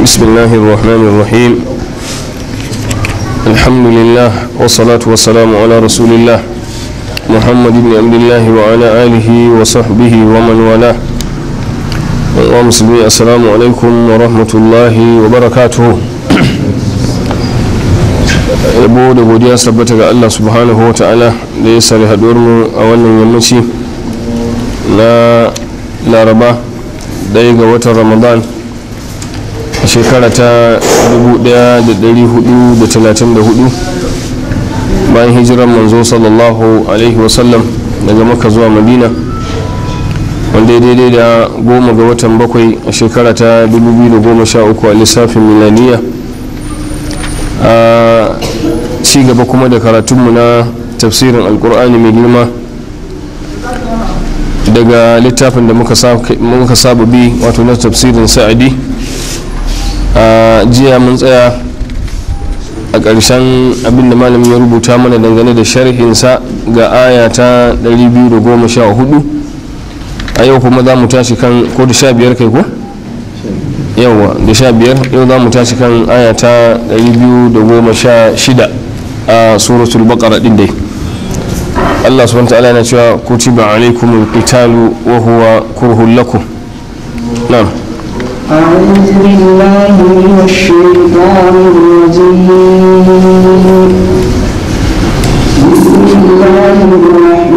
بسم الله الرحمن الرحيم الحمد لله والصلاة والسلام على رسول الله محمد بن عبد الله وعلى آله وصحبه ومن والاه ومسلمين السلام عليكم ورحمة الله وبركاته yabo da godiya sabbata ga Allah subhanahu wa ta'ala da ya sare mu a wannan yammaci na laraba ɗaya ga watan ramadan shekara ta 1434 bayan hijiran manzo sallallahu alaihi wasallam daga maka zuwa madina wanda ya daidai da goma ga watan bakwai a shekara ta 2013 a lissafin milaniya a gaba kuma da karatunmu na tafsirin alkur'ani mai girma daga littafin da muka saba bi wato na tafsirin sa'adi jiya mun tsaya a ƙarshen abinda malamin ya rubuta mana dangane da sharhinsa ga aya ta 214 a yau kuma za mu tashi kan ko da 15 kai ko? yawa da 15 yau za mu tashi kan aya ta 216 a suratul baqara din dai Allah subhanahu wa ta'ala yana cewa kutiba alaikumul qitalu wa huwa kurhul lakum na'am أعوذ بالله من الشيطان الرجيم بسم الله الرحمن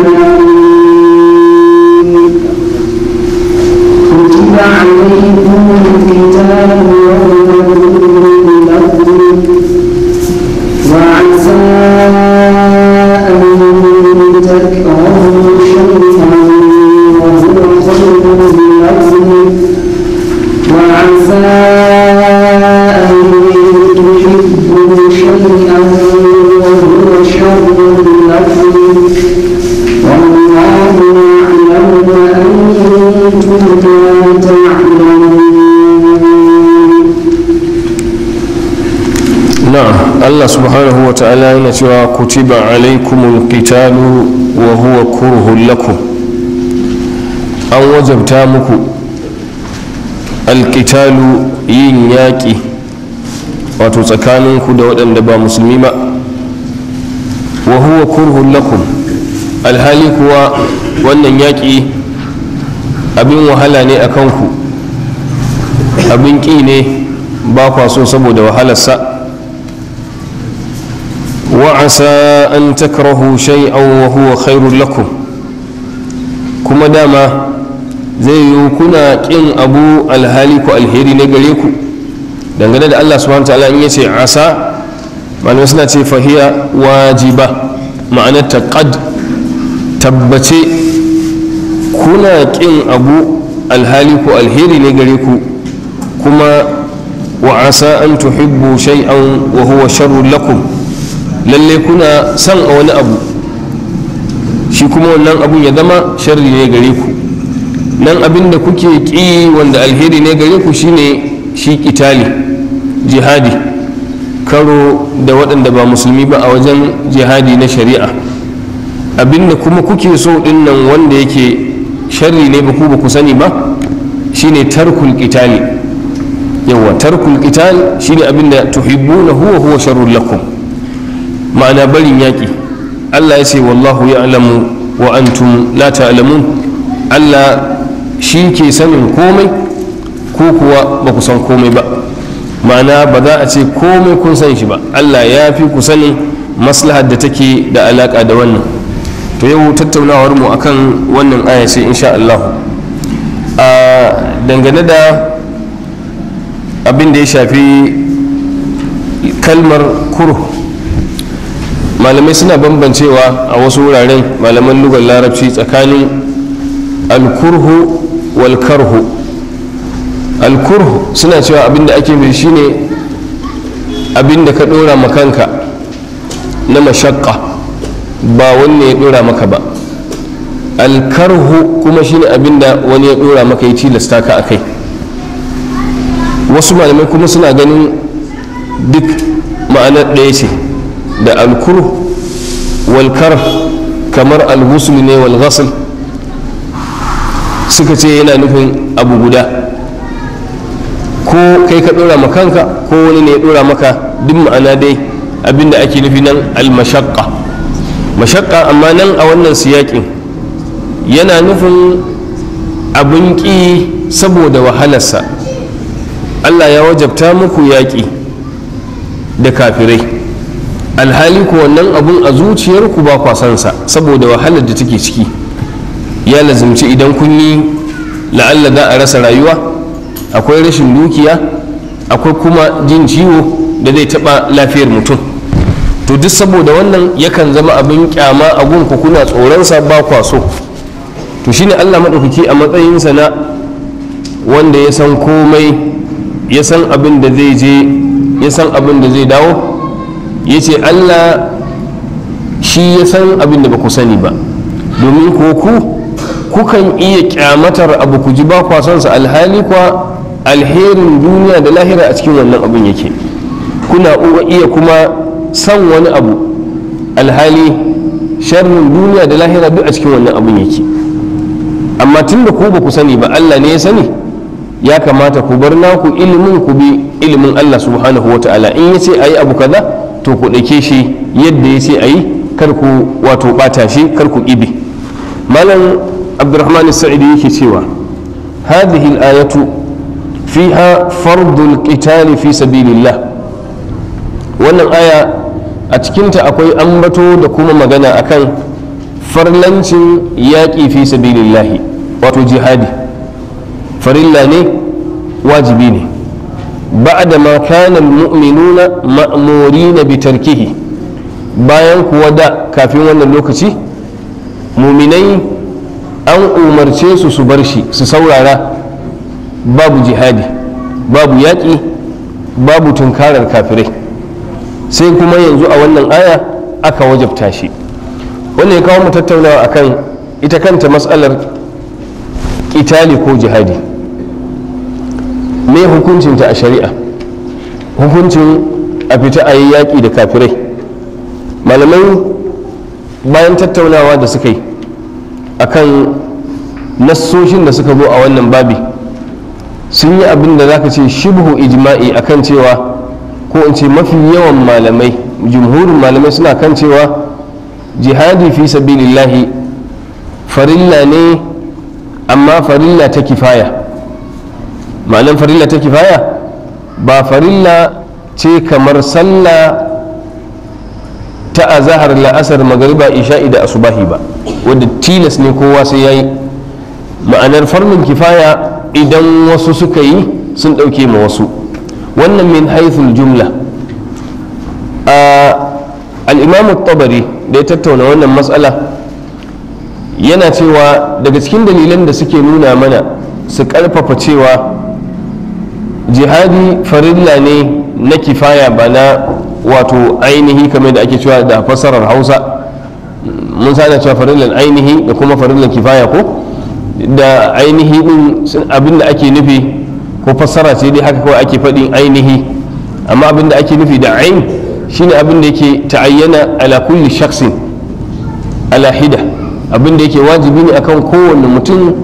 الرحيم كتب عليكم الكتاب Allah subhanahu wa ta'ala yana cewa kutiba alaikumul qitalu wa huwa kurhun lakum an wajabta muku alkitalu yin yaƙi wato tsakaninku da waɗanda ba musulmi ba wa huwa kurhun lakum alhali kuwa wannan yaƙi abin wahala ne a kanku abin ƙi ne ba kwaso so saboda wahalarsa وعسى أن تكرهوا شيئا وهو خير لكم كما داما zai yi kuna ƙin abu alhali ku alheri ne gare ku dangane da allah subhanahu ta'ala in yace asa malamai suna ce fahiya wajiba ma'anar taqad tabbace kuna ƙin abu alhali ko alheri ne gare ku kuma wa asa an tuhibbu shay'an wa huwa sharrun lakum lalle kuna son a wani abu shi kuma wannan abun ya zama sharri ne gare ku nan abin da kuke ƙi wanda alheri ne gare ku shine shi kitali jihadi karo da waɗanda ba musulmi ba a wajen jihadi na shari'a abin da kuma kuke so ɗin nan wanda yake sharri ne ba ku ba ku sani ba shine tarkul kitali yawa tarkul qital shine abin da na huwa huwa sharrul lakum ma'ana barin yaƙi allah ya ce wallahu ya alamu wa antum la ta'lamun allah shi ke sanin komai ko kuwa ba ku san komai ba ma'ana ba za a ce komai kun san shi ba allah ya fi ku sani maslahar da take da alaka da wannan to yau tattaunawar mu akan wannan aya ce insha allah a dangane da abin da ya shafi kalmar kurhu malamai suna bambancewa a wasu wuraren malaman lugar larabci tsakanin alkurhu wal alkurhu suna cewa abinda ake mai shine abinda ka dora makanka na mashakka ba wanne ya dora maka ba alkarhu kuma shine abinda wani ya dora maka ya tilasta ka a kai wasu malamai kuma suna ganin duk ma'anar ɗaya ce da alkur walkar kamar alhusul ne wal suka ce yana nufin abu guda ko kai ka dora ma kanka ko wani ne ya dora maka duk ma'ana dai abinda ake nufi nan almashaqqa mashaqqa amma nan a wannan siyakin yana nufin abin ƙi saboda wahalarsa Allah ya wajabta muku yaƙi da kafirai alhali ku wannan abun a zuciyarku ba kwa sa saboda wahalar da take ciki ya lazimci idan kun yi la'alla za a rasa rayuwa akwai rashin dukiya akwai kuma jin ciwo da zai taɓa lafiyar mutum to duk saboda wannan yakan zama abin kyama a gunku kuna tsoronsa ba kwa so to shine allah maɗaukaki a matsayinsa na wanda ya san komai ya san abin da zai je ya san abin da zai dawo ya ce allah shi ya san abin da ba ku sani ba domin ko ku kukan iya kyamatar abu ku ji ba kwa son sa alhali kwa alherin duniya da lahira a cikin wannan abin yake kuna iya kuma san wani abu alhali sharrin duniya da lahira duk a cikin wannan abin yake amma tun da ku ba ku sani ba allah ne ya sani ya kamata ku bar naku ilimin ku bi ilimin allah subhanahu wa ta'ala in ya ce a yi abu kaza to ku ɗauke shi yadda ya ce a yi ku wato ɓata shi kar ku ƙibe malam abdurrahman sa'idi yake cewa hadhihi al-ayatu fiha fardul qitali fi sabilillah wannan aya a cikinta akwai ambato da kuma magana akan farlancin yaƙi fi sabilillahi wato jihadi farilla ne wajibi ne بعد ما كان المؤمنون مأمورين بتركه tarkihi bayan kuwa da kafin wannan lokaci muminai an umarce su su bar shi su saurara babu jihadi babu yaƙi babu tunkarar kafirai sai kuma yanzu a wannan aya aka wajabta shi wannan ya kawo mu tattaunawa akan ita kanta matsalar ƙitali ko jihadi me ta a shari'a hukuncin a fita a yi yaƙi da kafirai malamai bayan tattaunawa da suka yi a kan nassoshin da suka zo a wannan babi sun yi abin da za ka ce shibhu ijma'i kan cewa ko in ce mafi yawan malamai jumhurin malamai suna kan cewa jihadi fi sabilillahi farilla ne amma farilla ta kifaya ma'anar farilla ta kifaya ba farilla ce kamar sallah ta azahar la'asar magariba isha'i da asubahi ba wadda tilas ne kowa sai ya yi ma'anar farmin kifaya idan wasu suka yi sun ɗauke ma wasu wannan min haithul jumla al'imamu tabari da ya tattauna wannan matsala yana cewa daga cikin dalilan da suke nuna mana su ƙarfafa cewa jihadi farilla ne na kifaya ba na wato ainihi kamar da ake cewa da fassarar hausa mun sana cewa farillan ainihi da kuma farillan kifaya ko da ainihi din abinda ake nufi ko fassara ce dai haka kawai ake faɗin ainihi amma abin ake nufi da ain shine abin da yake ta'ayyana ala kulli shaksin ala hida abin da yake wajibi ne akan kowanne mutum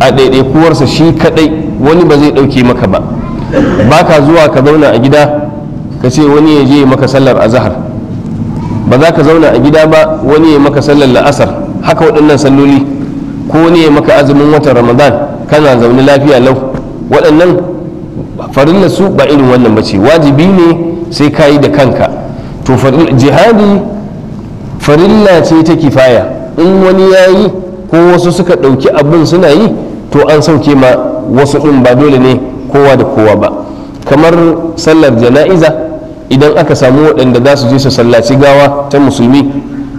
a ɗaiɗaikuwarsa shi kadai wani ba zai ɗauke maka ba ba ka zuwa ka zauna a gida ka ce wani ya je maka sallar azahar ba za ka zauna a gida ba wani ya maka sallar la'asar haka waɗannan salloli ko wani ya maka azumin watan ramadan kana zaune lafiya lau waɗannan farilla su ba irin wannan ba ce wajibi ne sai ka yi da kanka to jihadi farilla ce ta kifaya in wani ya yi ko wasu suka ɗauki abin suna yi to an sauke ma wasu ɗin ba dole ne kowa da kowa ba kamar sallar jana'iza idan aka samu waɗanda za su je su sallaci gawa ta musulmi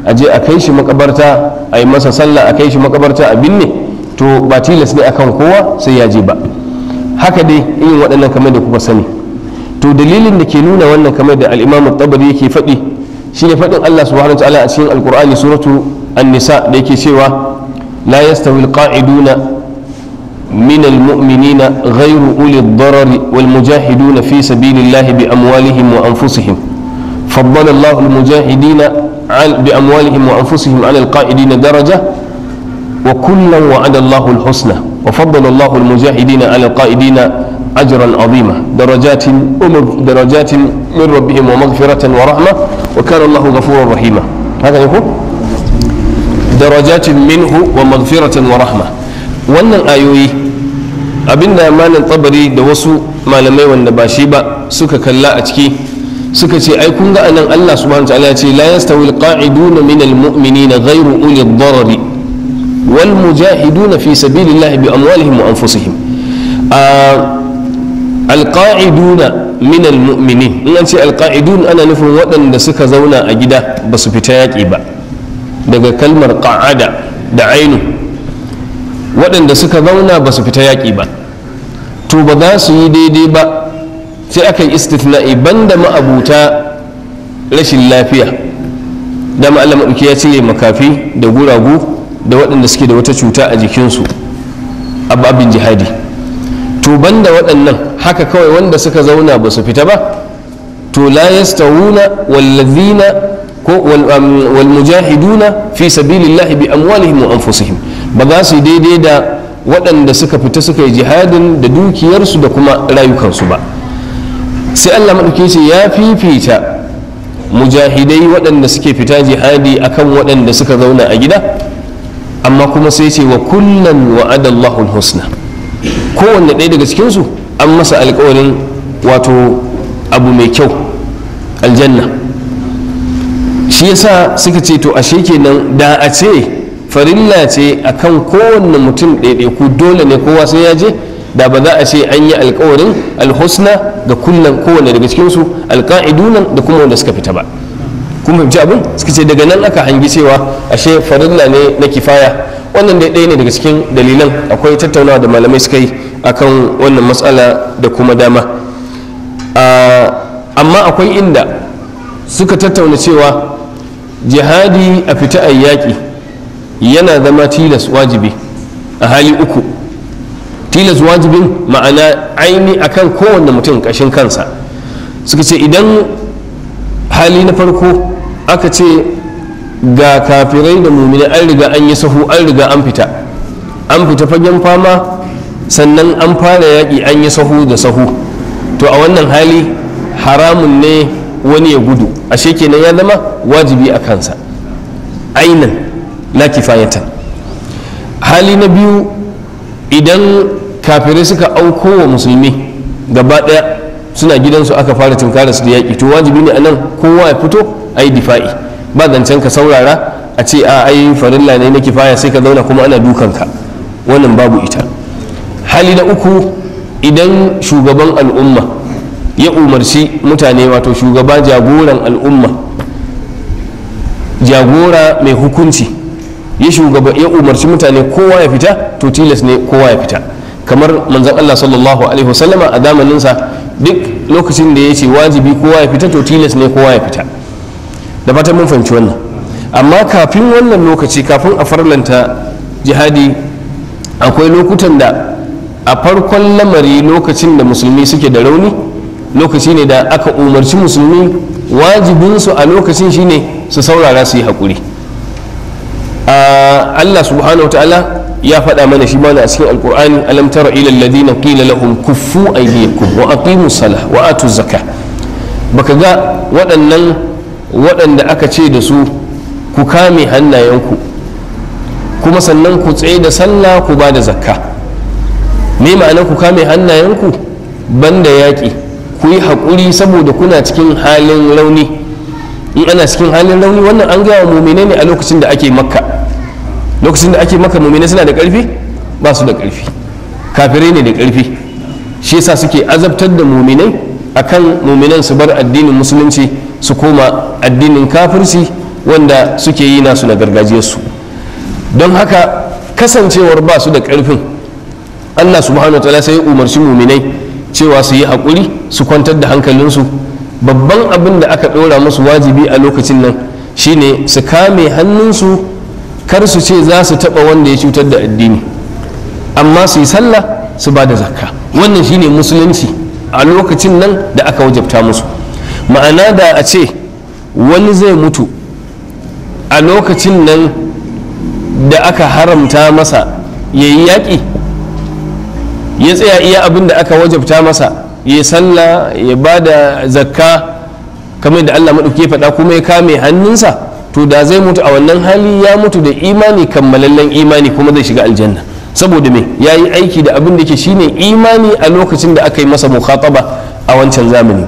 a je a kai shi makabarta a yi masa sallah a kai shi makabarta a binne to ba tilas ne akan kowa sai ya je ba haka dai irin waɗannan kamar da kuka sani to dalilin da ke nuna wannan kamar da al'imamu tabari yake faɗi shine faɗin allah subhanahu wa ta'ala a cikin alkur'ani suratu an-nisa da yake cewa la yastawi al-qa'iduna من المؤمنين غير أولي الضرر والمجاهدون في سبيل الله بأموالهم وأنفسهم فضل الله المجاهدين بأموالهم وأنفسهم على القائدين درجة وكلا وعد الله الحسنى وفضل الله المجاهدين على القائدين أجرا عظيما درجات درجات من ربهم ومغفرة ورحمة وكان الله غفورا رحيما هذا يقول درجات منه ومغفرة ورحمة وأن الآيوي abinda malam tsabari da wasu malamai wanda ba shi ba suka kalla a ciki suka ce ai kun ga anan Allah subhanahu wa ta'ala ce la yastawi alqa'iduna min almu'minina ghayru uli ad-darari wal mujahiduna fi sabilillahi bi amwalihim wa anfusihim alqa'iduna min almu'minin in an ce alqa'idun ana nufin waɗanda suka zauna a gida ba su fita yaƙi ba daga kalmar qa'ada da ainu waɗanda suka zauna ba su fita yaƙi ba to ba za su yi daidai ba sai aka yi istitna'i banda ma'abuta rashin lafiya da ma'alama ɗauki ya cire makafi da guragu da waɗanda suke da wata cuta a jikinsu a babin jihadi to banda waɗannan haka kawai wanda suka zauna ba su fita ba to la yastawuna wallazina ko um, wal mujahiduna fi sabilillahi bi amwalihim wa anfusihim ba za su yi daidai da waɗanda suka fita suka yi jihadin da dukiyarsu da kuma rayukansu ba sai allah maɗauki ce ya fifita mujahidai waɗanda suke fita jihadi akan waɗanda suka zauna a gida amma kuma sai ce wa kullan wa'adallahu husna kowanne ɗaya daga cikinsu an masa alƙawarin wato abu mai kyau aljanna shi yasa suka ce to ashe kenan da a ce farilla ce a kan kowanne mutum ɗaiɗaiku dole ne kowa sai ya je da ba za a ce an yi alkawarin alhusna ga kullum kowane daga cikinsu alka'idunan da kuma wanda suka fita ba kuma fi abin suka ce daga nan aka hangi cewa ashe farilla ne na kifaya wannan dai ɗaya ne daga cikin dalilan akwai tattaunawa da malamai suka yi akan wannan matsala da kuma dama amma akwai inda suka tattauna cewa jihadi a fita a yaƙi yana zama tilas wajibi a hali uku tilas wajibin ma'ana aini akan kowanne mutum ƙashin kansa suka ce idan hali na farko aka ce ga kafirai da mumini an riga an yi sahu an riga an fita an fita fagen fama sannan an fara yaƙi an yi sahu da sahu to a wannan hali haramun ne wani ya gudu ashe kenan ya zama wajibi a kansa ainihin la kifayatan hali na biyu idan kafirai suka auko wa musulmi gaba daya suna gidansu aka fara tunkara su da yaƙi to wajibi ne anan kowa ya fito ayi difa'i ba zancen ka saurara a ce a ai farilla ne na kifaya sai ka zauna kuma ana dukanka wannan babu ita hali na uku idan shugaban al'umma ya umarci mutane wato shugaba jagoran al'umma jagora mai hukunci ya shugaba ya umarci mutane kowa ya fita to tilas ne kowa ya fita kamar manzon Allah sallallahu alaihi wasallama a zamanin sa duk lokacin da ya ce wajibi kowa ya fita to tilas ne kowa ya fita da fatan mun fahimci wannan amma kafin wannan lokaci kafin a farlanta jihadi akwai lokutan da a farkon lamari lokacin da musulmi suke da rauni lokaci ne da aka umarci musulmi wajibinsu a lokacin shine su saurara su yi haƙuri Ah, Allah subhanahu wa ta'ala ya faɗa mana shi mana a cikin alkur'ani alam tara ila alladhina qila lahum kuffu aydiyakum wa aqimus salah wa atuz zakah baka ga waɗannan waɗanda aka ce da su ku kame hannayenku kuma sannan ku tsaye da sallah ku ba da zakka me ma'anar ku kame hannayenku banda yaƙi ku yi haƙuri saboda kuna cikin halin rauni in ana cikin halin rauni wannan an gaya muminai ne a lokacin da ake makka lokacin da ake maka mumina suna da ƙarfi ba su da ƙarfi kafirai ne da ƙarfi shi yasa suke azabtar da muminai kan muminan su bar addinin musulunci su koma addinin kafirci wanda suke yi nasu na gargajiyarsu don haka kasancewar ba su da ƙarfin allah subhanahu ta'ala sai umarci muminai cewa su yi haƙuri su kwantar da hankalinsu babban abin da aka ɗora musu wajibi a lokacin nan shine su kame hannunsu kar su ce za su taɓa wanda ya cutar da addini amma su yi sallah su ba da zakka wannan shine musulunci a lokacin nan da aka wajabta musu ma'ana da a ce wani zai mutu a lokacin nan da aka haramta masa ya yi yaƙi ya tsaya iya abin da aka wajabta masa ya sallah ya ba da zakka kamar da allah maɗauki ya faɗa kuma ya kame hannunsa to da zai mutu a wannan hali ya mutu da imani kammalallen imani kuma zai shiga aljanna saboda me ya yi aiki da abin da ke shine imani a lokacin da aka yi masa mukhataba a wancan zamani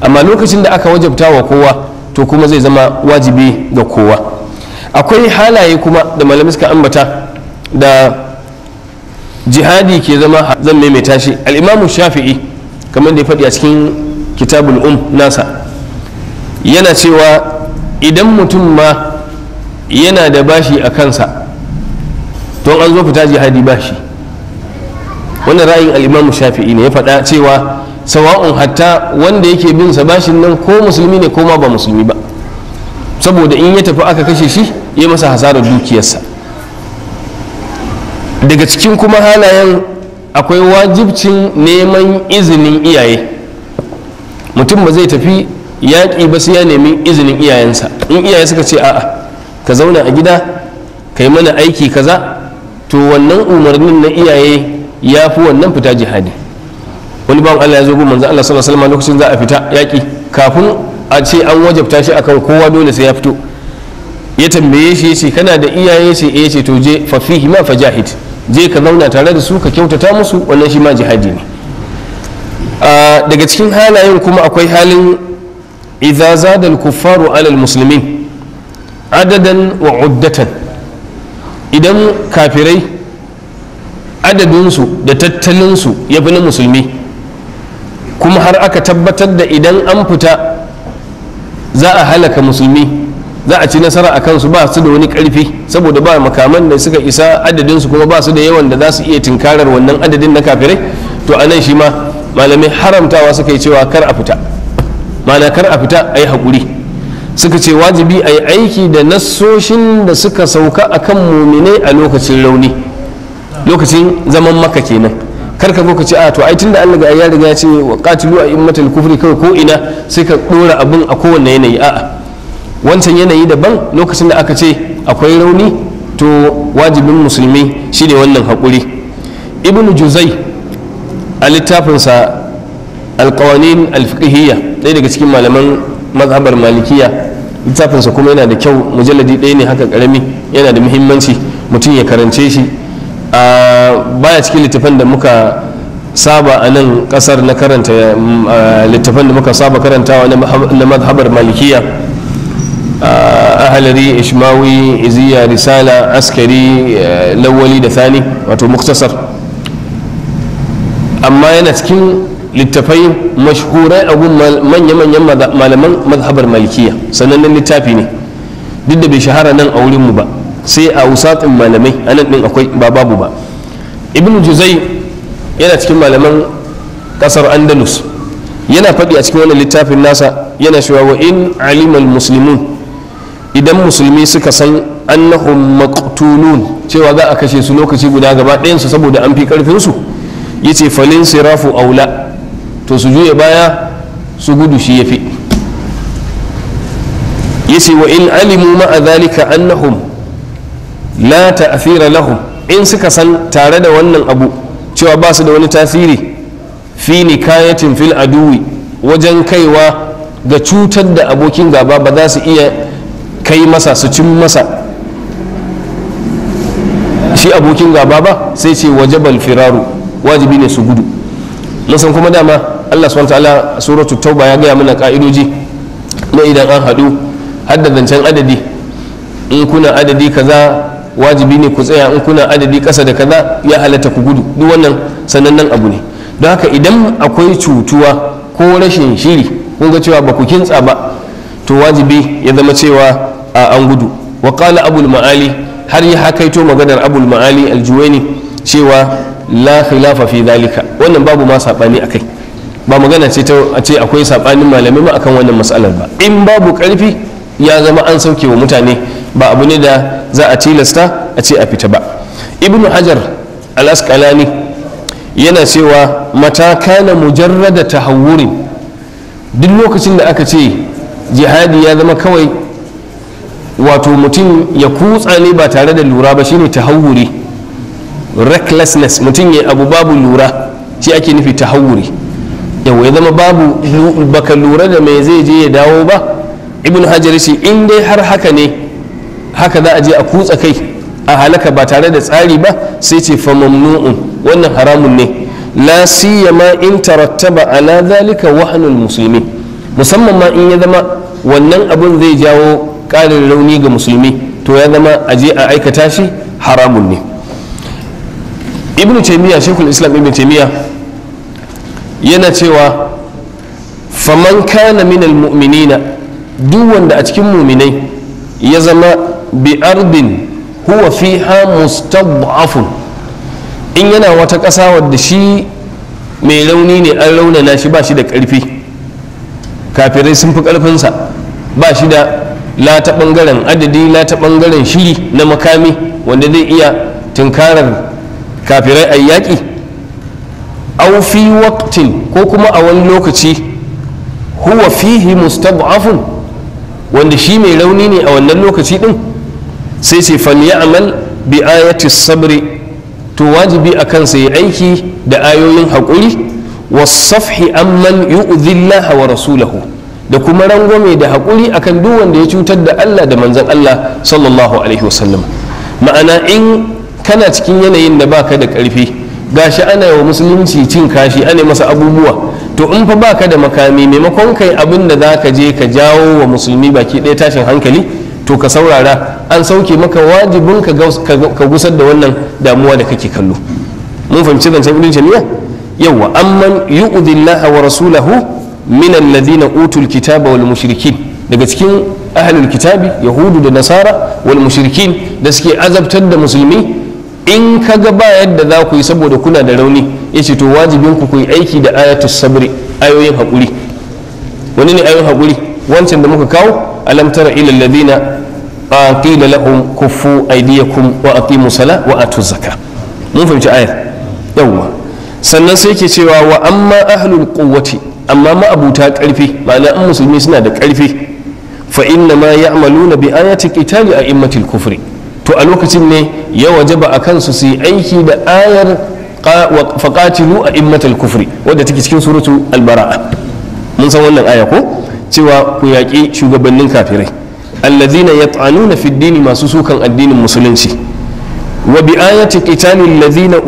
amma lokacin da aka wajabta wa kowa to kuma zai zama wajibi ga kowa akwai halaye kuma da malamai suka ambata da jihadi ke zama zan maimaita shi al'imamu shafi'i kamar da ya faɗi a cikin kitabul um nasa yana cewa idan mutum ma yana da bashi a kansa don an zo fita jihadi bashi wannan ra'ayin al'imamu shafi'i ne ya faɗa cewa sawa'un hatta wanda yake bin sa bashin nan ko musulmi ne ko ma ba musulmi ba saboda in ya tafi aka kashe shi ya masa hasarar dukiyarsa daga cikin kuma halayen akwai wajibcin neman izinin iyaye mutum ba zai tafi yaƙi ba sai ya nemi izinin iyayensa in iyaye suka ce a'a ka zauna a gida ka yi mana aiki kaza to wannan umarnin na iyaye ya fi wannan fita jihadi wani bawan Allah ya zo gun manzo Allah sallallahu alaihi lokacin za a fita yaƙi kafin a ce an wajabta shi akan kowa dole sai ya fito ya tambaye shi ya ce kana da iyaye sai eh ce to je fa fihi ma fajahid je ka zauna tare da su ka kyautata musu wannan shi ma jihadi ne ah, daga cikin halayen kuma akwai halin idza zada al-kuffaru ala al-muslimin adadan wa uddatan idan kafirai adadinsu da tattalinsu ya fi na musulmi kuma har aka tabbatar da idan an fita za a halaka musulmi za a ci nasara a kansu ba su da wani karfi saboda ba makaman da suka isa adadinsu kuma ba su da yawan da za su iya tinkarar wannan adadin na kafirai to anan shi ma malamai haramtawa suka yi cewa kar a fita mana kar a fita a yi haƙuri suka ce wajibi a yi aiki da nasoshin da suka sauka a kan mumine a lokacin rauni lokacin zaman maka kenan kar ka ka ce a to ai tunda Allah ga ya riga ya ce wa qatilu a immatul kufri kawai ko ina sai ka dora abin a kowanne yanayi a'a wancan yanayi daban lokacin da aka ce akwai rauni to wajibin musulmi shine wannan haƙuri ibnu juzai a littafinsa alkawanin alfiqhiyya ɗaya daga cikin malaman mazhabar malikiya littafinsa kuma yana da kyau mujalladi ɗaya ne haka ƙarami yana da muhimmanci mutum ya karance shi baya cikin littafan da muka saba a nan ƙasar na karanta littafan da muka saba karantawa na mazhabar malikiya ahalari ishmawi iziya risala askari eh, lawali da thani wato muktasar amma yana cikin littafai mashhurai a manya-manyan malaman mazhabar malikiya sanannen littafi ne duk da bai shahara nan a wurinmu ba sai a wusatin malamai a nan ɗin akwai ba babu ba ibn juzai yana cikin malaman ƙasar andalus yana faɗi a cikin wannan littafin nasa yana cewa wa in alimal muslimun idan musulmi suka san annahum maqtulun cewa za a kashe su lokaci guda gaba ɗayansu saboda an fi ƙarfinsu yace falin sirafu aula to su juya baya su gudu shi yafi yace wa in alimu ma'a zalika annahum la ta'thira lahum in suka san tare da wannan abu cewa ba su da wani tasiri fi nikayatin fil aduwi wajen kaiwa ga cutar da abokin gaba ba za su iya kai masa su cin masa shi abokin gaba ba sai ce wajabal firaru wajibi ne su gudu mun san kuma dama Allah SWT ta'ala suratul tauba ya gaya mana ka'idoji na idan an haɗu hadda zancen adadi in kuna adadi kaza wajibi ne ku tsaya in kuna adadi ƙasa da kaza ya halatta ku gudu duk wannan sanannen abu ne don haka idan akwai cutuwa ko rashin shiri kun ga cewa ba ku kintsa ba to wajibi ya zama cewa a an gudu wa qala abul ma'ali har ya hakaito maganar abul ma'ali aljuwaini cewa la khilafa fi zalika wannan babu ma sabani akai ba magana ce ta a ce akwai sabanin malamai ma akan wannan matsalar ba in babu karfi ya zama an sauke wa mutane ba abu ne da za a tilasta a ce a fita ba ibnu hajar al-asqalani yana cewa mata kana mujarrada tahawurin duk lokacin da aka ce jihadi ya zama kawai wato mutum ya kutsa ne ba tare da lura ba shine tahawuri recklessness mutum ya abu babu lura shi ake nufi ta yau ya zama babu baka lura da mai zai je ya dawo ba ibn hajar shi in dai har haka ne haka za a je a kutsa kai a halaka ba tare da tsari ba sai ce fa mamnu'un wannan haramun ne la siyama in tarattaba ala zalika wahanul musulmi musamman ma in ya zama wannan abun zai jawo ƙarin rauni ga musulmi to ya zama a je a aikata shi haramun ne ibn taymiya shekul islam ibn taymiya yana cewa faman kana minal mu'minina duk wanda a cikin muminai ya zama bi ardin huwa fiha mustad'afun in yana wata ƙasa wadda shi mai rauni ne an raunana shi ba shi da ƙarfi kafirai sun fi ƙarfinsa ba shi da lata ɓangaren adadi lata ɓangaren shiri na makami wanda zai iya tunkarar kafirai a yaƙi au fi waqtin ko kuma a wani lokaci huwa fihi mustad'afun wanda shi mai rauni ne a wannan lokaci din sai ce falyamal bi ayati sabri to wajibi a kansa ya aiki da ayoyin haƙuri wasafhi amman yu'dhillaha wa rasulahu da kuma rangwame da haƙuri akan duk wanda ya cutar da Allah da manzon Allah sallallahu alaihi wasallam ma'ana in kana cikin yanayin da baka da karfi gashi ana wa musulunci cin kashi ana masa abubuwa to in fa baka da makami maimakon kai abin da za ka je ka jawo wa musulmi baki ɗaya tashin hankali to ka saurara an sauke maka wajibin ka gusar da wannan damuwa da kake kallo mun fahimci zancen ibn jami'a yawa amman yu'dillaha wa rasulahu min alladhina utul kitaba wal mushrikin daga cikin ahlul kitabi yahudu da nasara wal mushrikin da suke azabtar da musulmi in ka ga ba yadda za ku yi saboda kuna da rauni ya ce to wajibin ku yi aiki da ayatus sabri ayoyin haƙuri wani ne ayoyin haƙuri wancan da muka kawo alam tara ila alladhina qila lahum kuffu aydiyakum wa aqimu sala wa atu zakka mun fahimci ayar yawwa sannan sai ke cewa wa amma ahlul quwwati amma ma'abuta karfi ma'ana an musulmi suna da karfi fa inna ma ya'maluna bi ayati qitali a immatil kufri to a lokacin ne ya wajaba a kansu su yi aiki da ayar faƙatilu a immatal kufri wadda take cikin suratu albara'a mun san wannan aya ko cewa ku yaƙi shugabannin kafirai allazina yat'anuna fi dini masu sukan addinin musulunci wa bi ayati qitali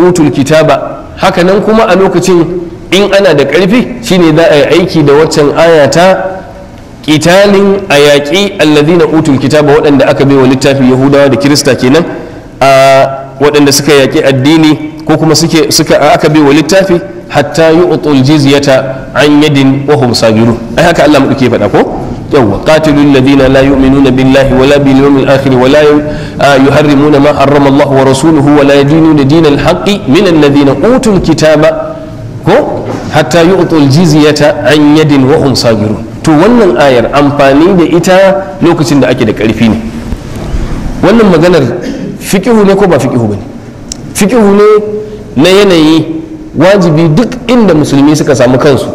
utul kitaba hakanan kuma a lokacin in ana da ƙarfi shine za a yi aiki da waccan ayata kitalin a yaƙi alladina utul kitaba waɗanda aka bai wa littafi yahudawa da kirista kenan a waɗanda suka yaƙi addini ko kuma suke suka aka bai wa littafi hatta yu'tul jizyata an yadin wa sabiru ai haka Allah mu duke faɗa ko yawwa qatilul ladina la yu'minuna billahi wala bil yawmil akhir wala yuharrimuna ma harrama Allah wa rasuluhu wala yadinuna dinal haqqi min alladina utul kitaba ko hatta yu'tul jizyata an yadin wa sabirun to wannan ayar amfani da ita lokacin da ake da karfi ne wannan maganar fikihu ne ko ba fikihu ba ne fikihu ne na yanayi wajibi duk inda musulmi suka samu kansu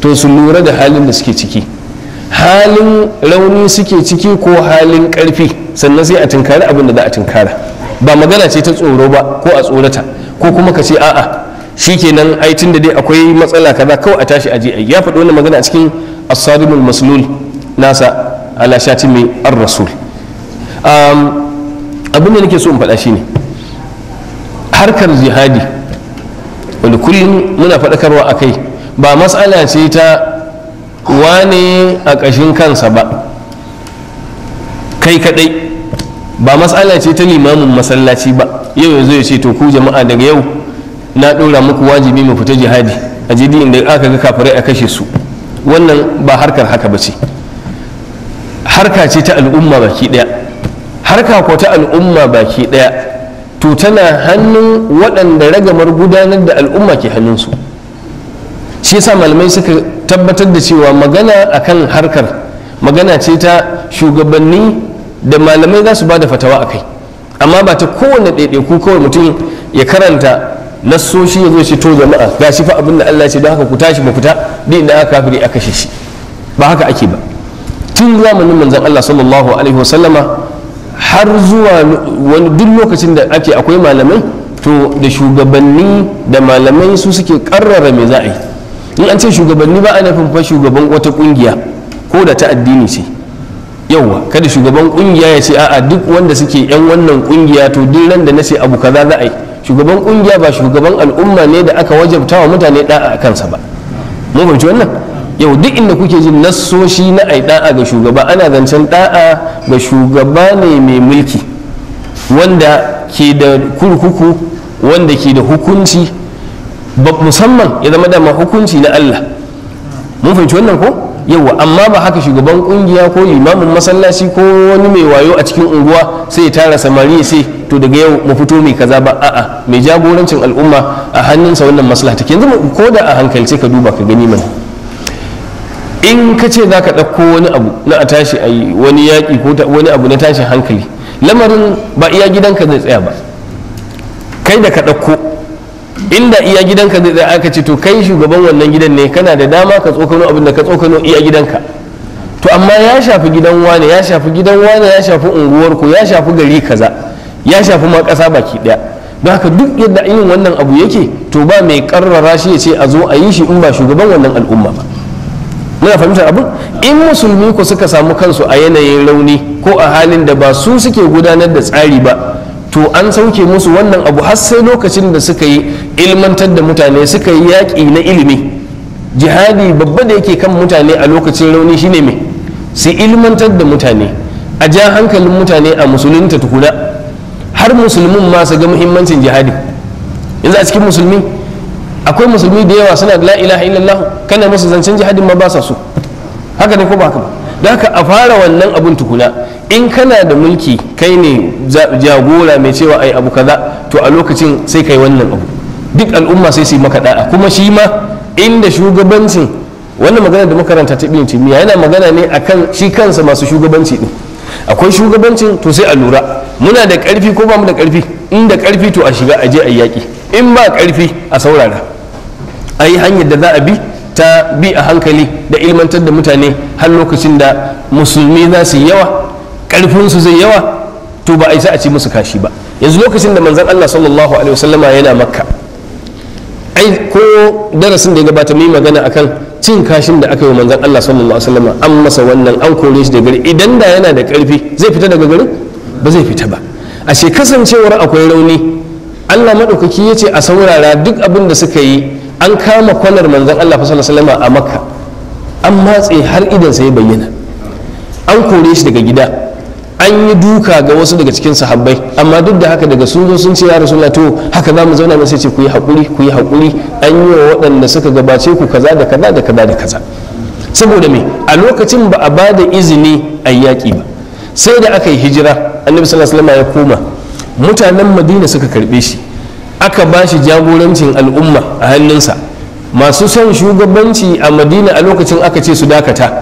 to su lura da halin da suke ciki halin rauni suke ciki ko halin karfi sannan sai a tunkari abin da za a tunkara ba magana ce ta tsoro ba ko a tsorata ko kuma ka ce a'a shi shikenan ai da dai akwai matsala kaza kawai a tashi aji ya faɗi wannan magana a cikin asalimul maslul nasa ala shati mai an rasul abin da nake so in faɗa shine harkar jihadi wani kullum muna faɗakarwa a kai ba matsala ce ta wane a ƙashin kansa ba kai kadai ba matsala ce ta limamin masallaci ba yau yanzu ya ce to ku jama'a daga yau na ɗora muku wajibi mu fita jihadi a jidi inda aka ga kafirai a kashe su wannan ba harkar haka ba ce harka ce ta al'umma baki ɗaya harka ko ta al'umma baki ɗaya to tana hannun waɗanda ragamar gudanar da al'umma ke hannunsu shi yasa malamai suka tabbatar da cewa magana akan harkar magana ce ta shugabanni da malamai za su ba da fatawa a kai amma ba ta kowane ɗaiɗaiku kawai mutum ya karanta nassoshi ya zo shi to jama'a ga shi fa abin da Allah ce don haka ku tashi mu fita da aka kafiri aka kashe shi ba haka ake ba tun zamanin manzan Allah sallallahu alaihi wasallama har zuwa wani duk lokacin da ake akwai malamai to da shugabanni da malamai su suke karrara me za a yi in an ce shugabanni ba a nufin fa shugaban wata kungiya ko da ta addini ce yauwa kada shugaban kungiya ya ce a'a duk wanda suke yan wannan kungiya to duk ran da na ce abu kaza za a yi shugaban kungiya ba shugaban al'umma ne da aka wajabta wa mutane da'a a kansa ba mu fahimci wannan yau duk inda kuke jin nassoshi na ai da'a ga shugaba ana zancen da'a ga shugaba ne mai mulki wanda ke da kurkuku wanda ke da hukunci musamman ya zama dama hukunci na Allah mun fahimci wannan ko yauwa amma ba haka shugaban kungiya ko limamin masallaci ko wani mai wayo a cikin unguwa sai ya tara samari sai to daga yau mu fito mai kaza ba a'a mai jagorancin al'umma a hannunsa wannan maslaha take yanzu ko da a hankalce ka duba ka gani mana in ka ce za ka ɗauko wani abu na a tashi a wani yaƙi ko wani abu na tashin hankali lamarin ba iya gidanka zai tsaya ba kai da ka ɗauko inda iya gidanka zai tsaya aka ce to kai shugaban wannan gidan ne kana da dama ka tsokano abin da ka tsokano iya gidanka to amma ya shafi gidan wane ya shafi gidan wane ya shafi unguwarku ya shafi gari kaza ya shafi ma kasa baki ɗaya don haka duk yadda yin wannan abu yake to ba mai karrara shi ya ce a zo a yi shi in ba shugaban wannan al'umma ba muna fahimtar abin in musulmi ku suka samu kansu a yanayin rauni ko a halin da ba su suke gudanar da tsari ba to an sauke musu wannan abu har sai lokacin da suka yi ilmantar da mutane suka yi yaƙi na ilimi jihadi babba da yake kan mutane a lokacin rauni shine mai su ilmantar da mutane a ja hankalin mutane a musulunta tukuna har musulmin ma su ga muhimmancin jihadi yanzu a cikin musulmi akwai musulmi da yawa suna da la ilaha illallah kana musu zancen jihadin ma ba sa so haka ne ko ba haka ba da a fara wannan abun tukuna in kana da mulki kai ne jagora mai cewa ai abu kaza to a lokacin sai kai wannan abu duk al'umma sai su yi maka da'a kuma shi ma inda shugabancin wannan magana da makaranta ta ibn timiya yana magana ne akan shi kansa masu shugabanci din akwai shugabancin to sai a lura muna da karfi ko ba mu da karfi inda da karfi to a shiga a je a yaki in ba karfi a saurara a yi hanyar da za a bi ta bi a hankali da ilmantar da mutane har lokacin da musulmi za su yawa ƙarfinsu zai yawa to ba a isa a ci musu kashi ba yanzu lokacin da manzan Allah sallallahu alaihi wasallama yana makka ai ko darasin da ya gabata mai magana akan cin kashin da aka yi wa manzan Allah sallallahu alaihi wasallama an masa wannan an kore shi da gari idan da yana da ƙarfi, zai fita daga garin ba zai fita ba ashe kasancewar akwai rauni Allah madaukaki ya ce a saurara duk abin da suka yi an kama kwanar manzan Allah fa sallallahu alaihi a makka an matse har idan sai bayyana an kore shi daga gida an yi duka ga wasu daga cikin sahabbai amma duk da haka daga sun zo sun ce ya rasulullah to haka za mu zauna sai ce ku yi hakuri ku yi hakuri an yi wa waɗanda suka gabace ku kaza da kaza da kaza da kaza saboda me a lokacin ba a ba da izini a yaƙi ba sai da aka yi hijira annabi sallallahu alaihi ya koma mutanen madina suka karbe shi aka ba shi jagorancin al'umma a hannunsa masu son shugabanci a madina a lokacin aka ce su dakata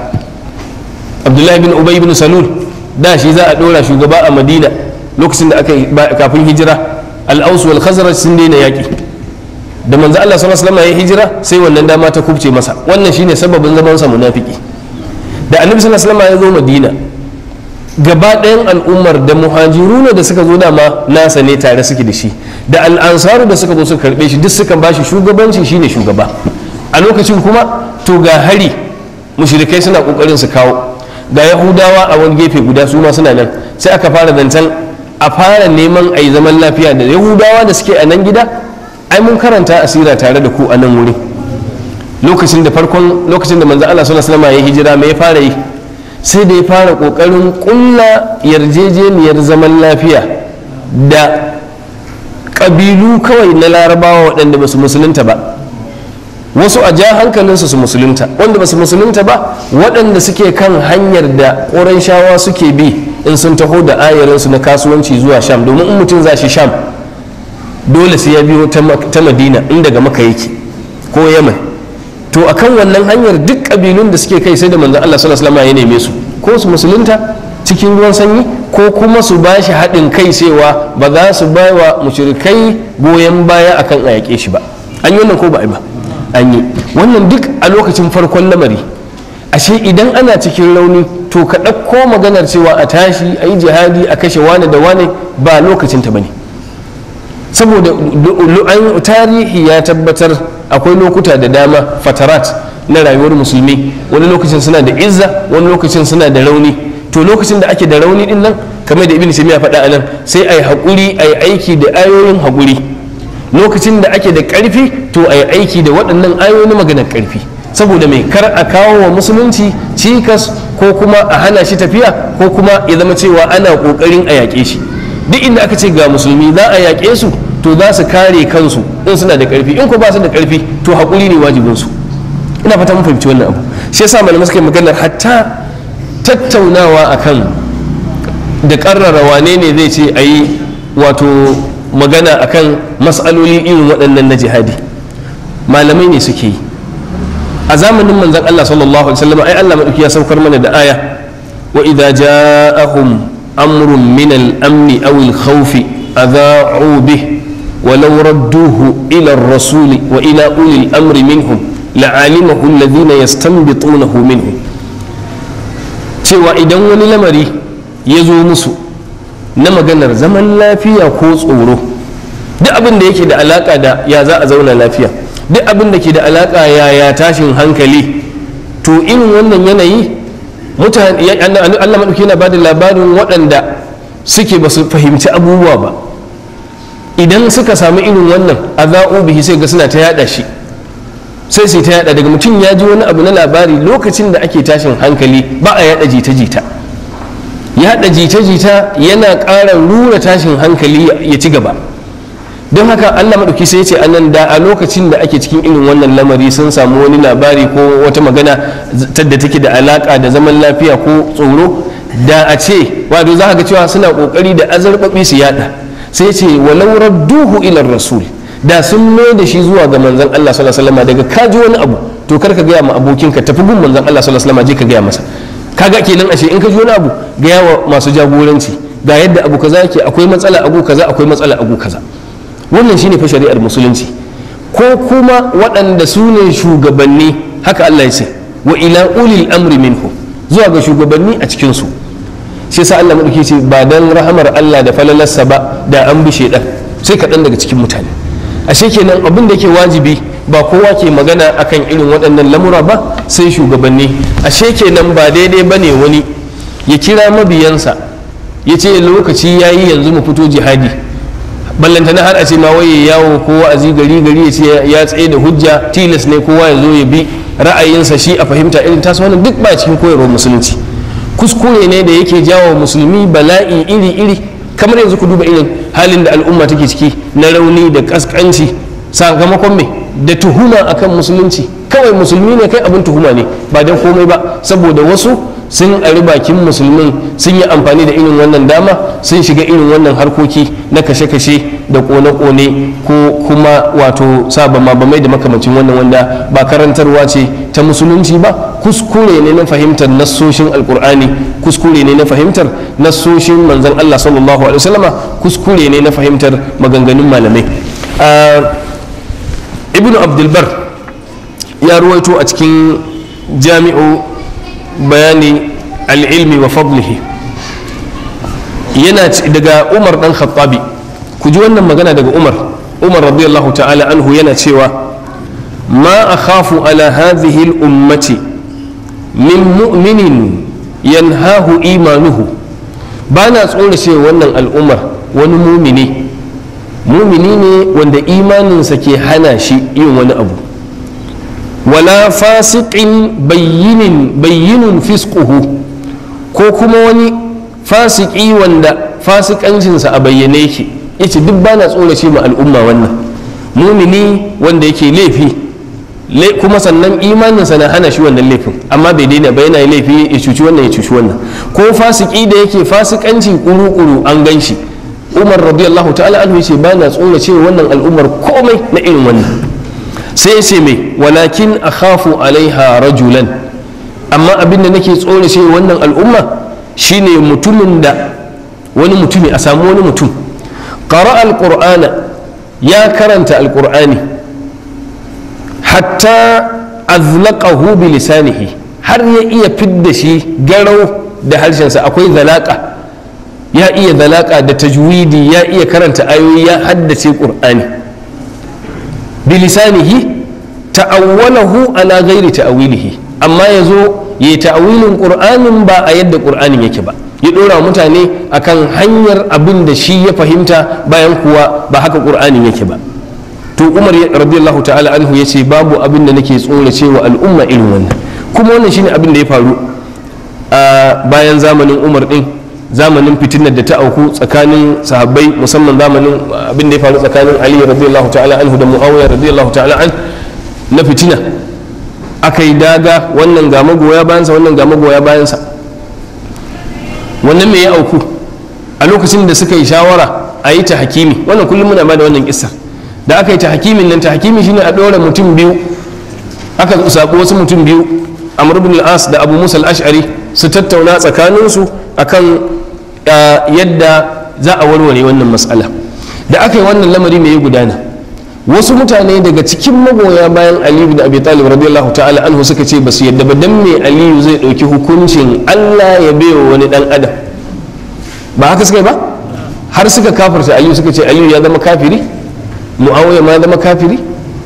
abdullahi bin ubai bin salul da shi za a ɗora shugaba a madina lokacin da aka kafin hijira al'ausu wal khazraj sun daina yaƙi da manzo Allah sallallahu alaihi wasallam ya hijira sai wannan dama ta kubce masa wannan shine sababin zaman sa munafiki da annabi sallallahu alaihi wasallam ya zo madina gaba ɗayan al'ummar da muhajiruna da suka zo dama nasa ne tare suke da shi da al'ansaru da suka zo suka karɓe shi duk suka bashi shugabanci shine shugaba a lokacin kuma to ga hari mushrikai suna kokarin su kawo ga yahudawa a wani gefe guda su ma suna nan sai aka fara zancen a fara neman a yi zaman lafiya da yahudawa da suke a nan gida ai mun karanta asira tare da ku a nan wuri lokacin da farkon lokacin da manzo Allah sallallahu alaihi wasallam ya hijira mai ya fara yi sai da ya fara kokarin ƙulla yarjejeniyar zaman lafiya da ƙabilu kawai na larabawa waɗanda ba su musulunta ba wasu a ja hankalinsu su musulunta wanda ba su musulunta ba waɗanda suke kan hanyar da shawa suke bi in sun taho da ayarinsu na kasuwanci zuwa sham domin in mutum za shi sham dole sai ya biyo ta madina in daga maka yake ko yamma. to a kan wannan hanyar duk kabilun da suke kai sai da manzan Allah sallallahu alaihi wasallam ya neme su ko su musulunta cikin ruwan sanyi ko kuma su ba shi haɗin kai cewa ba za su bai wa mushrikai goyon baya akan a yaƙe shi ba an yi wannan ko ba a yi ba an yi wannan duk a lokacin farkon lamari ashe idan ana cikin rauni to ka ɗauko maganar cewa a tashi a yi jihadi a kashe wane da wane ba lokacin ta ne. saboda tarihi ya tabbatar akwai lokuta da dama fatarat na rayuwar musulmi wani lokacin suna da izza wani lokacin suna da rauni to lokacin da ake da rauni din nan kamar da ibn sami ya faɗa anan sai a yi haƙuri yi aiki da ayoyin haƙuri lokacin da ake da ƙarfi to a yi aiki da waɗannan ayoyin maganar ƙarfi saboda mai kar a kawo wa musulunci cikas ko kuma a hana shi tafiya ko kuma ya zama cewa ana ƙoƙarin a yaƙe shi duk inda aka ce ga musulmi za a yaƙe su to za su kare kansu in suna da ƙarfi in ko ba su da ƙarfi to haƙuri ne wajibinsu ina fata mun fahimci wannan abu shi yasa malamai suka yi maganar hatta tattaunawa akan da ƙarrara wane ne zai ce a yi wato magana akan matsaloli irin waɗannan na jihadi malamai ne suke yi a zamanin manzan Allah sallallahu alaihi wasallam ai Allah madauki ya saukar mana da aya wa idza ja'ahum أمر من الأمن أو الخوف أذاعوا به ولو ردوه إلى الرسول وإلى أولي الأمر منهم لعلمه الذين يستنبطونه منهم cewa idan wani lamari ya zo musu na maganar zaman lafiya ko tsoro duk abin da yake da alaka da ya za a zauna lafiya duk abin da ke da alaka ya ya tashin hankali to irin wannan yanayi mutane Allah maɗauki yana bada labarin waɗanda suke ba su fahimci abubuwa ba idan suka samu irin wannan a za'u bihi sai ga suna ta yada shi sai sai ta yada daga mutum ya ji wani abu na labari lokacin da ake tashin hankali ba a yada jita-jita yada jita-jita yana ƙara rura tashin hankali ya ci gaba don haka allah maɗauki sai ce anan da a lokacin da ake cikin irin wannan lamari sun samu wani labari ko wata magana tadda take da alaƙa da zaman lafiya ko tsoro da a ce wato za ga cewa suna ƙoƙari da azarɓaɓi su yaɗa sai ce walau radduhu ilar rasul da sun mai da shi zuwa ga manzon Allah sallallahu alaihi wasallam daga kaji wani abu to kar ka gaya ma abokin ka tafi gun manzon Allah sallallahu alaihi wasallam je ka gaya masa kaga kenan ashe in ka ji wani abu gaya wa masu jagoranci ga yadda abu kaza yake akwai matsala abu kaza akwai matsala abu kaza wannan shine fa shari'ar musulunci ko kuma waɗanda su ne shugabanni haka Allah ya ce wa ila ulil amri minhu zuwa ga shugabanni a cikin su sai sa Allah madauki ce ba dan rahamar Allah da falalarsa ba da an bi shedan sai kaɗan daga cikin mutane ashe kenan abin da yake wajibi ba kowa ke magana akan irin waɗannan lamura ba sai shugabanni ashe kenan ba daidai bane wani ya kira mabiyansa ya ce lokaci yayi yanzu mu fito jihadi ballantana har a ce ma waye yawo kowa a gari gari ya ce ya tsaye da hujja tilas ne kowa ya zo ya bi ra'ayinsa shi a fahimta irin ta wannan duk ba cikin koyarwar musulunci kuskure ne da yake jawo musulmi bala'i iri iri kamar yanzu ku duba irin halin da al'umma take ciki na rauni da kaskanci sakamakon me da tuhuma akan musulunci kawai musulmi ne kai abin tuhuma ne ba dan komai ba saboda wasu sun ari bakin musulmin sun yi amfani da irin wannan dama sun shiga irin wannan harkoki na kashe-kashe da kone-kone ko kuma wato mai da makamacin wannan wanda ba karantarwa ce ta musulunci ba kuskure ne na fahimtar nassoshin alkur'ani kuskure ne na fahimtar nasoshin manzon allah sallallahu alaihi wasallama kuskure ne na fahimtar maganganun malamai ah, ibnu abdulbar ya ruwaito a cikin jami'u bayani al'ilmi wa fadlihi yana daga umar dan khattabi ku ji wannan magana daga umar umar radiyallahu ta'ala anhu yana cewa ma khafu ala hadhihi ummati min mu'minin yanhahu imanuhu ba na tsorace wannan al'ummar wani mumini mumini ne wanda imaninsa ke hana shi yin wani abu wala fasiqin bayyinin bayyinun fisquhu ko kuma wani fasiki wanda fasikancinsa a bayyane yake yace duk bana tsorace ma al'umma wannan mumini wanda yake laifi kuma sannan imaninsa na hana shi wannan laifin amma bai daina ba yana laifi ya cuci wannan ya cuci wannan ko fasiki da yake fasikanci kuru-kuru an gan shi umar radiyallahu ta'ala anhu yace bana tsorace wannan al'ummar komai na irin wannan sai ya ce mai walakin akhafu alaiha rajulan amma abin da nake tsore wannan al'umma shine mutumin da wani mutumi a samu wani mutum qara alqur'ana ya karanta alqur'ani hatta azlaqahu bi lisanihi har ya iya fidda shi garau da harshensa akwai zalaka ya iya zalaka da tajwidi ya iya karanta ayoyi ya haddace ƙur'ani bilisanihi ta'awwalahu ala ghairi ta'awilihi amma yazo yayi ta'awilin qur'anin ba a yadda qur'anin yake ba ya dora mutane akan hanyar abin da shi ya fahimta bayan kuwa ba haka qur'anin yake ba to umar radiyallahu ta'ala anhu yace babu abin da nake tsorace wa al'umma irin wannan kuma wannan shine abin da ya faru a bayan zamanin umar din zamanin fitinar da ta auku tsakanin sahabbai musamman zamanin uh, abin da ya faru tsakanin ali radiyallahu ta'ala anhu da muawiya radiyallahu ta'ala an na fitina aka yi daga wannan ga magoya bayansa wannan ga magoya bayansa wannan me ya auku a lokacin da suka yi shawara a yi ta hakimi wannan kullum muna ba da wannan kissa da aka yi ta hakimin nan ta hakimi shine a ɗora mutum biyu aka saƙo wasu mutum biyu amr ibn al-as da abu musa al-ash'ari su tattauna tsakaninsu akan yadda za a warware wannan matsala da aka yi wannan lamari mai gudana wasu mutane daga cikin magoya bayan aliyu da abi talib radiyallahu ta'ala anhu suka ce basu yadda ba dan mai aliyu zai ɗauki hukuncin allah ya baiwa wani dan adam ba haka suka yi ba har suka kafarta aliyu suka ce aliyu ya zama kafiri muawiya ma zama kafiri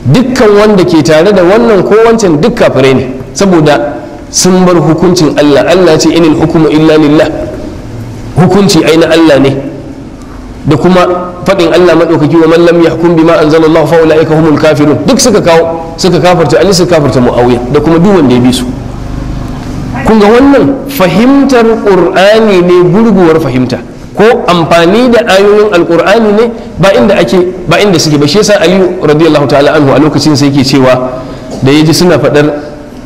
dukkan wanda ke tare da wannan ko wancan duk kafirai ne saboda sun bar hukuncin allah allah ce inil hukumu illa lillah hukunci ai na Allah ne da kuma faɗin Allah maɗaukaki wa man lam yahkum bima anzalallahu fa ulaika humul kafirun duk suka kawo suka kafarta Ali suka kafarta Muawiya da kuma duk wanda ya bi su kun ga wannan fahimtar qur'ani ne gurguwar fahimta ko amfani da ayoyin alqur'ani ne ba inda ake ba inda suke ba shi yasa Ali radiyallahu ta'ala anhu a lokacin sai yake cewa da yaji suna faɗar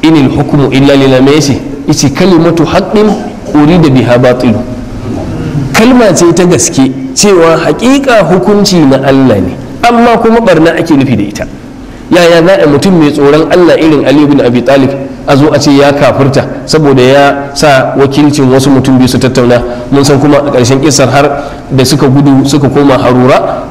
inil hukmu illa lillahi yace kalimatu haqqin urida biha batilu kalma ce ta gaske cewa haƙiƙa hukunci na Allah ne amma kuma barna ake nufi da ita yaya za a mutum mai tsoron Allah irin Ali ibn Abi Talib a zo a ce ya kafirta saboda ya sa wakilcin wasu mutum biyu su tattauna mun san kuma a ƙarshen kisar har da suka gudu suka koma harura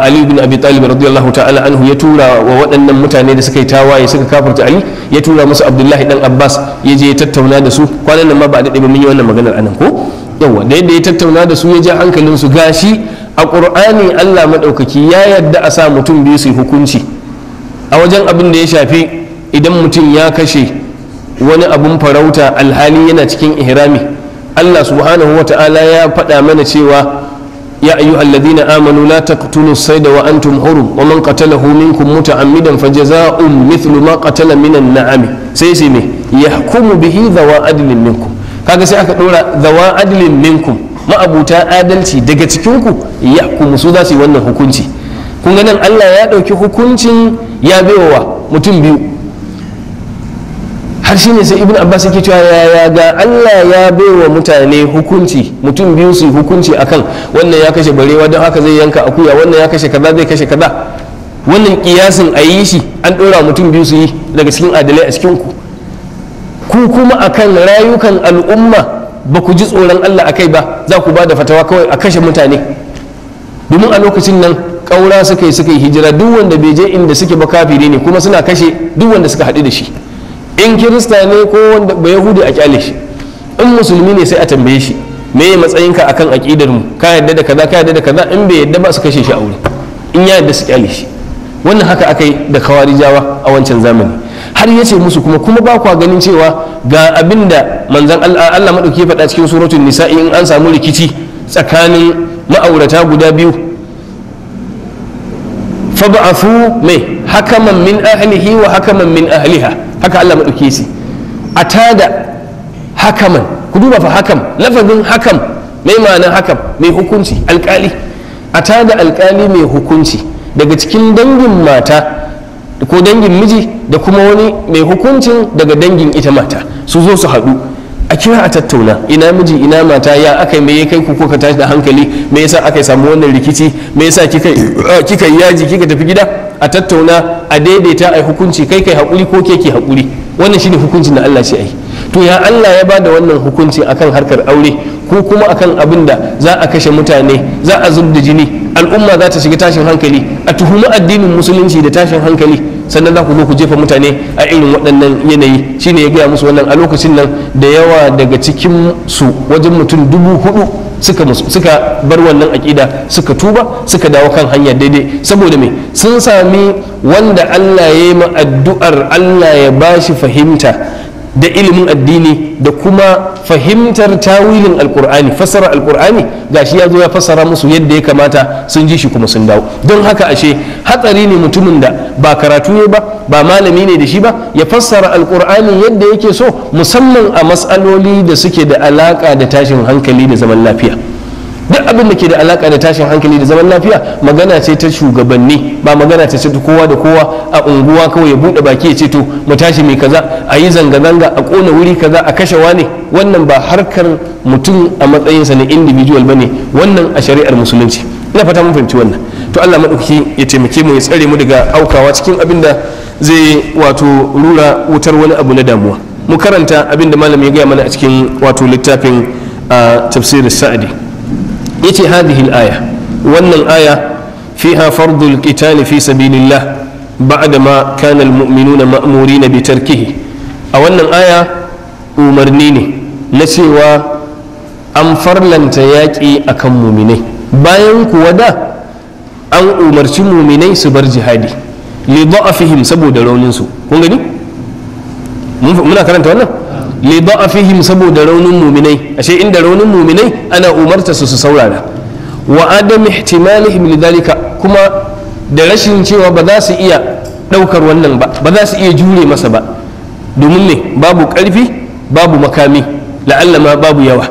Ali ibn Abi Talib radiyallahu ta'ala anhu ya tura wa waɗannan mutane da suka yi tawaye suka kafirta Ali ya tura musu Abdullahi dan Abbas ya je ya tattauna da su kwanan nan ma ba a dade ba mun yi wannan maganar anan ko yawa da yadda ya tattauna da su ya ji hankalin su gashi a ƙur'ani Allah maɗaukaki ya yarda a sa mutum biyu su hukunci a wajen abin da ya shafi idan mutum ya kashe wani abun farauta alhali yana cikin ihrami Allah subhanahu wa ta'ala ya faɗa mana cewa ya ayu alladhina amanu la taqtulu sayda wa antum hurum wa man qatalahu minkum muta'ammidan fajaza'un mithlu ma qatala minan na'ami sai sai me yahkumu bihi dhawa adlin minkum kaga sai aka dora zawa adlin minkum ma'abuta adalci daga cikin ku ya kuma su za su yi wannan hukunci kun ga nan Allah ya dauki hukuncin ya baiwa mutum biyu har ne sai ibn abbas yake cewa ya ga Allah ya baiwa mutane hukunci mutum biyu su hukunci akan wannan ya kashe barewa don haka zai yanka akuya wannan ya kashe kaza zai kashe kaza wannan kiyasin a yi shi an dora mutum biyu su yi daga cikin adalai a cikin ku ku kuma akan rayukan al'umma ba ku ji tsoron Allah akai ba za ku ba da fatawa kawai a kashe mutane domin a lokacin nan ƙaura suka yi suka yi hijira duk wanda bai je inda suke ba kafiri ne kuma suna kashe duk wanda suka haɗu da shi in kirista ne ko wanda ba yahudi a kyale shi in musulmi ne sai a tambaye shi me ya matsayinka akan aƙidar mu ka yarda da kaza ka yarda da kaza in bai yarda ba su kashe shi a wuri in ya yarda su kyale shi wannan haka akai da kawarijawa a wancan zamani har ya ce musu kuma kuma ba kwa ganin cewa ga abin da manzan Allah maɗauki faɗa cikin suratun nisa. in an samu rikici tsakanin ma'aurata guda biyu fab'athu mai hakaman min ahlihi wa hakaman min ahliha haka Allah maɗauki shi a tada hakaman ku duba fa hakam lafazin hakam mai ma'anar hakam mai hukunci alƙali a tada alƙali mai hukunci daga cikin dangin mata ko dangin miji da kuma wani mai hukuncin daga dangin ita mata su zo su haɗu a kira a tattauna ina miji ina mata ya aka ma ya kai ku ko ka tashi da hankali me yasa aka samu wannan rikici me yasa kika eh, kika yaji kika tafi gida a tattauna a daidaita a hukunci kai kai haƙuri ko ke ke haƙuri wannan shine hukuncin da Allah shi ai to ya Allah ya bada wannan hukunci akan harkar aure ko kuma akan abin da za a kashe mutane za a zubda jini al'umma za ta shiga tashin hankali a tuhumi addinin musulunci da tashin hankali sannan za ku zo ku jefa mutane a irin waɗannan yanayi shine ya gaya musu wannan a lokacin nan da yawa daga cikin su wajen mutum dubu hudu suka suka bar wannan aƙida suka tuba suka dawo kan hanya daidai saboda me sun sami wanda Allah ya yi ma addu'ar Allah ya bashi fahimta da ilimin addini da kuma fahimtar tawilin alkur'ani fasara alkur'ani gashi ya zo ya fasara musu yadda ya kamata sun ji shi kuma sun dawo don haka ashe hatsari ne mutumin da ba karatu ne ba ba malami ne da shi ba ya fassara alkur'ani yadda yake so musamman a matsaloli da suke da alaka da tashin hankali da zaman lafiya duk abin da ke da alaka da tashin hankali da zaman lafiya magana ce ta shugabanni ba magana ce ta kowa da kowa a unguwa kawai ya bude baki ya ce to mu tashi mai kaza a yi zanga-zanga a kona wuri kaza a kashe wane wannan ba harkar mutum a matsayin matsayinsa na individual bane wannan a shari'ar musulunci ina fata mun fahimci wannan to Allah madauki ya taimake mu ya tsare mu daga aukawa cikin abin da zai wato rura wutar wani abu na damuwa mu karanta abin da malami ya gaya mana a cikin wato littafin tafsirin sa'adi yace hadhihi al-aya wannan aya fiha fardul qital fi sabilillah ba'da ma kana al-mu'minuna ma'murina bi tarkihi a wannan aya umarni ne na cewa an farlanta yaƙi akan muminai bayan kuwa da an umarci muminai su bar jihadi li fihim saboda rauninsu kun gani muna karanta wannan li da'afihim saboda raunin muminai ashe inda raunin muminai ana umarta su su saurara wa adam ihtimalihim lidhalika kuma da rashin cewa ba za su iya daukar wannan ba ba za su iya jure masa ba domin ne babu karfi babu makami la'alla ma babu yawa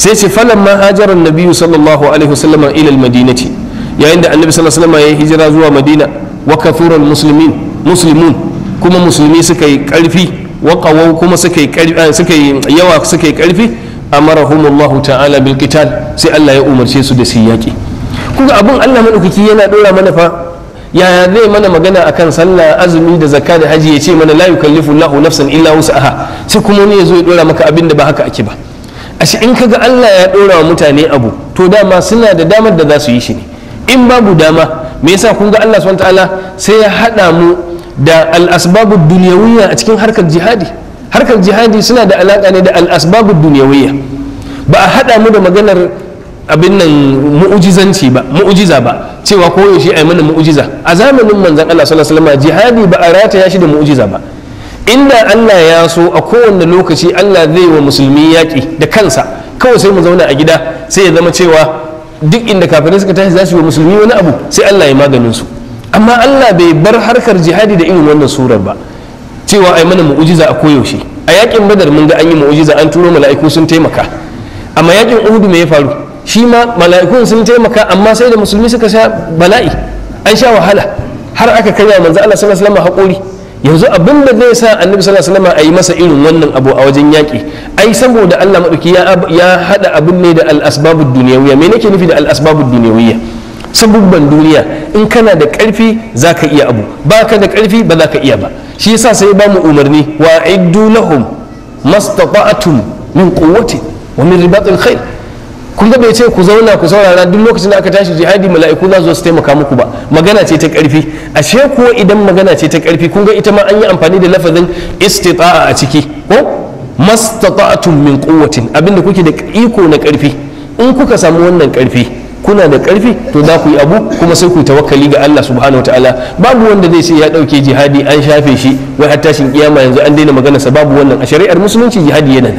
sai ce falan ma nabi'u sallallahu alaihi wasallam ila almadinati yayin da annabi sallallahu alaihi wasallam ya hijira zuwa madina wa kathurul muslimin muslimun kuma musulmi suka yi karfi wa kuma suka yi yawa suka yi karfi amarahumullahu ta'ala bil qital sai Allah ya umarci su da su yaki kuga abun Allah madaukaki yana dora mana fa yaya zai mana magana akan sallah azumi da zakka da haji ya ce mana la yukallifu Allahu nafsan illa wus'aha sai kuma ni ya zo ya dora maka abin da ba haka ake ba ashe in kaga Allah ya dora wa mutane abu to dama suna da damar da za su yi shi in babu dama me yasa kun ga Allah subhanahu ta'ala sai ya haɗa mu da al'asbabu duniyawiyya a cikin harkar jihadi harkar jihadi suna da alaƙa ne da al'asbabu duniyawiyya ba a haɗa mu da maganar abin nan mu'ujizanci ba mu'ujiza ba cewa ko yaushe ai mana mu'ujiza a zamanin manzon Allah sallallahu alaihi wasallam jihadi ba a rataya shi da mu'ujiza ba inda Allah ya so a kowanne lokaci Allah zai wa musulmi yaƙi da kansa kawai sai mu zauna a gida sai ya zama cewa duk inda kafirai suka tashi za su yi wa musulmi wani abu sai Allah ya maganin su amma Allah bai bar harkar jihadi da irin wannan surar ba cewa ai mana mu'ujiza a koyaushe a yakin badar mun ga an yi mu'ujiza an turo mala'iku sun taimaka amma yakin uhudu me ya faru shi ma mala'ikun sun taimaka amma sai da musulmi suka sha bala'i an sha wahala har aka wa manzo Allah sallallahu alaihi hakuri yanzu abin da zai sa annabi sallallahu alaihi wasallam a yi masa irin wannan abu a wajen yaƙi ai saboda Allah madauki ya haɗa hada abin ne da al asbabud duniyawiyya me nake nufi da al asbabud duniyawiyya sabubban duniya in kana da ƙarfi za ka iya abu ba ka da ƙarfi ba za ka iya ba shi yasa sai ba mu umarni wa iddu lahum mastata'tum min quwwati wa min ribatil khair kun ga bai ce ku zauna ku saurara duk lokacin da aka tashi jihadi mala'iku za su taimaka muku ba magana ce ta ƙarfi ashe ko idan magana ce ta ƙarfi kun ga ita ma an yi amfani da lafazin istita'a a ciki ko mastata'tum min quwwatin abinda kuke da iko na ƙarfi in kuka samu wannan ƙarfi kuna da karfi to za ku yi abu kuma sai ku tawakkali ga Allah subhanahu wataala babu wanda zai ce ya dauke jihadi an shafe shi wai har tashin kiyama yanzu an daina magana sa babu wannan a shari'ar musulunci jihadi yana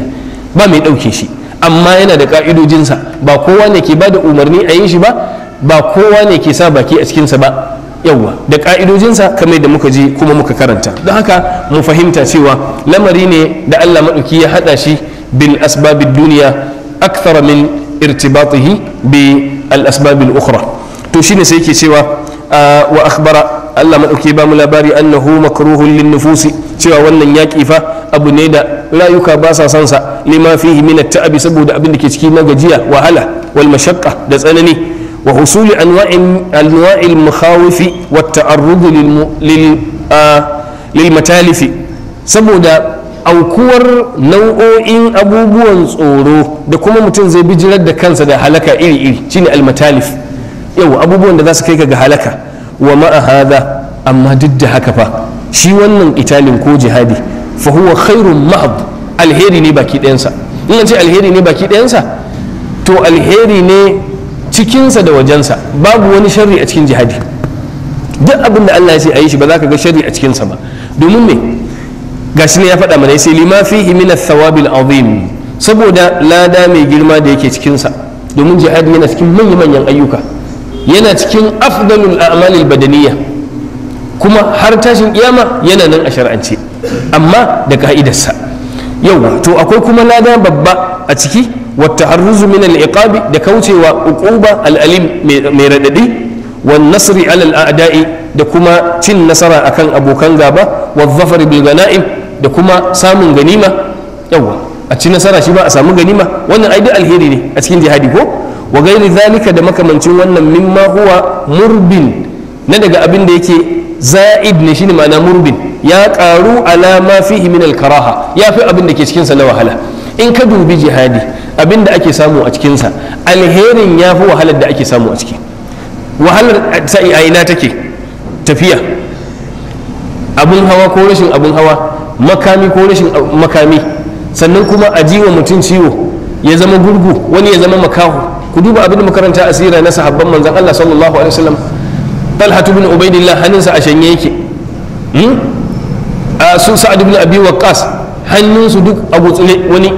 ba mai dauke shi amma yana da ka'idojinsa ba kowa ne ke bada umarni a yi shi ba ba kowa ne ke sa baki a cikinsa ba yawwa da ka'idojinsa kamar da muka ji kuma muka karanta don haka mu fahimta cewa lamari ne da Allah maɗauki ya haɗa shi bil asbabid duniya akthara min irtibatihi bi al-asbab al to shine sai ke cewa wa Allah madauke ba mu labari annahu makruhun lin nufusi cewa wannan yaki fa abu ne da rayuka basa sa son sa lima fihi taabi saboda abin da ke ciki na gajiya wahala wal mashaqqa da tsanani wa husuli anwa'in anwa'il makhawifi wat saboda aukuwar nau'o'in abubuwan tsoro da kuma mutum zai bijirar da kansa da halaka iri-iri shine almatalif yau abubuwan da za su kai ka ga halaka wa ma'a hada amma duk da haka fa shi wannan italin ko jihadi fa huwa khairun ma'ab alheri ne baki ɗayansa in ce alheri ne baki ɗayansa to alheri ne cikinsa da wajensa babu wani sharri a cikin jihadi duk abin da Allah ya ce a yi shi ba za ka ga sharri a cikinsa ba domin me gashi ne ya faɗa mana sai lima fi min thawabil azim saboda lada mai girma da yake cikinsa domin jihadi yana cikin manya-manyan ayyuka yana cikin afdalul a'malil badaniya kuma har tashin kiyama yana nan a shar'ance amma da ka'idarsa yau to akwai kuma lada babba a ciki wata harruzu min iqabi da kaucewa uquba al'alim mai radadi wan nasri alal a'da'i da kuma cin nasara akan abokan gaba wa zafari bil ganaim da kuma samun ganima yawa a ci nasara shi ba a samu ganima wannan ai duk alheri ne a cikin jihadi ko wa gairi zalika da makamancin wannan mimma huwa murbin na daga abin da yake za'id ne shine ma'ana murbin ya karu ala ma fihi min karaha ya fi abin da ke cikin sa na wahala in ka dubi jihadi abin da ake samu a cikin sa alherin ya fi wahalar da ake samu a ciki wahalar a ina take tafiya abin hawa ko rashin abin hawa makami ko rashin uh, makami sannan kuma a jiwa mutum ciwo ya zama gurgu wani ya zama makahu ku duba abin da makaranta asira na sahabban manzan Allah sallallahu alaihi wasallam talhatu bin ubaidillah hannunsa a shanye yake hmm? a su sa'ad bin abi waqqas hannunsu duk a gutsule wani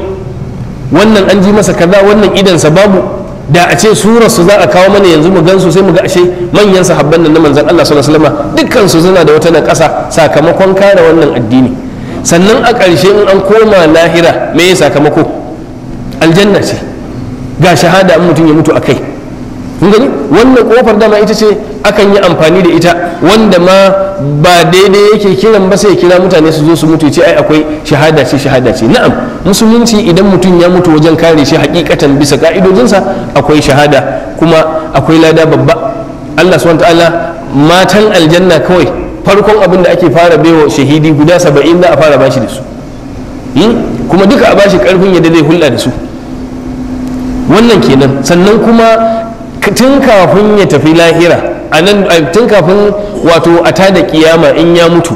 wannan an ji masa kaza wannan idansa babu da a ce surar su za a kawo mana yanzu mu gansu sai mu ga ashe manyan sahabban nan na manzon Allah sallallahu alaihi wasallam dukkan su suna da wata na ƙasa sakamakon kare wannan addini sannan a ƙarshe in an koma lahira me ya sakamako aljanna ce ga shahada in mutum ya mutu a kai gani wannan kofar dama ita ce akan yi amfani da ita wanda ma ba daidai yake kiran ba sai kira mutane su zo su mutu ce ai akwai shahada ce shahada ce na'am musulunci idan mutum ya mutu wajen kare shi hakikatan bisa ka'idojinsa akwai shahada kuma akwai lada babba Allah subhanahu ta'ala matan aljanna kawai farkon abin da ake fara baiwa shahidi guda saba'in za a fara bashi da su kuma duka a bashi karfin yadda zai hulɗa da su wannan kenan sannan kuma tun kafin ya tafi lahira tun kafin wato a tada kiyama in ya mutu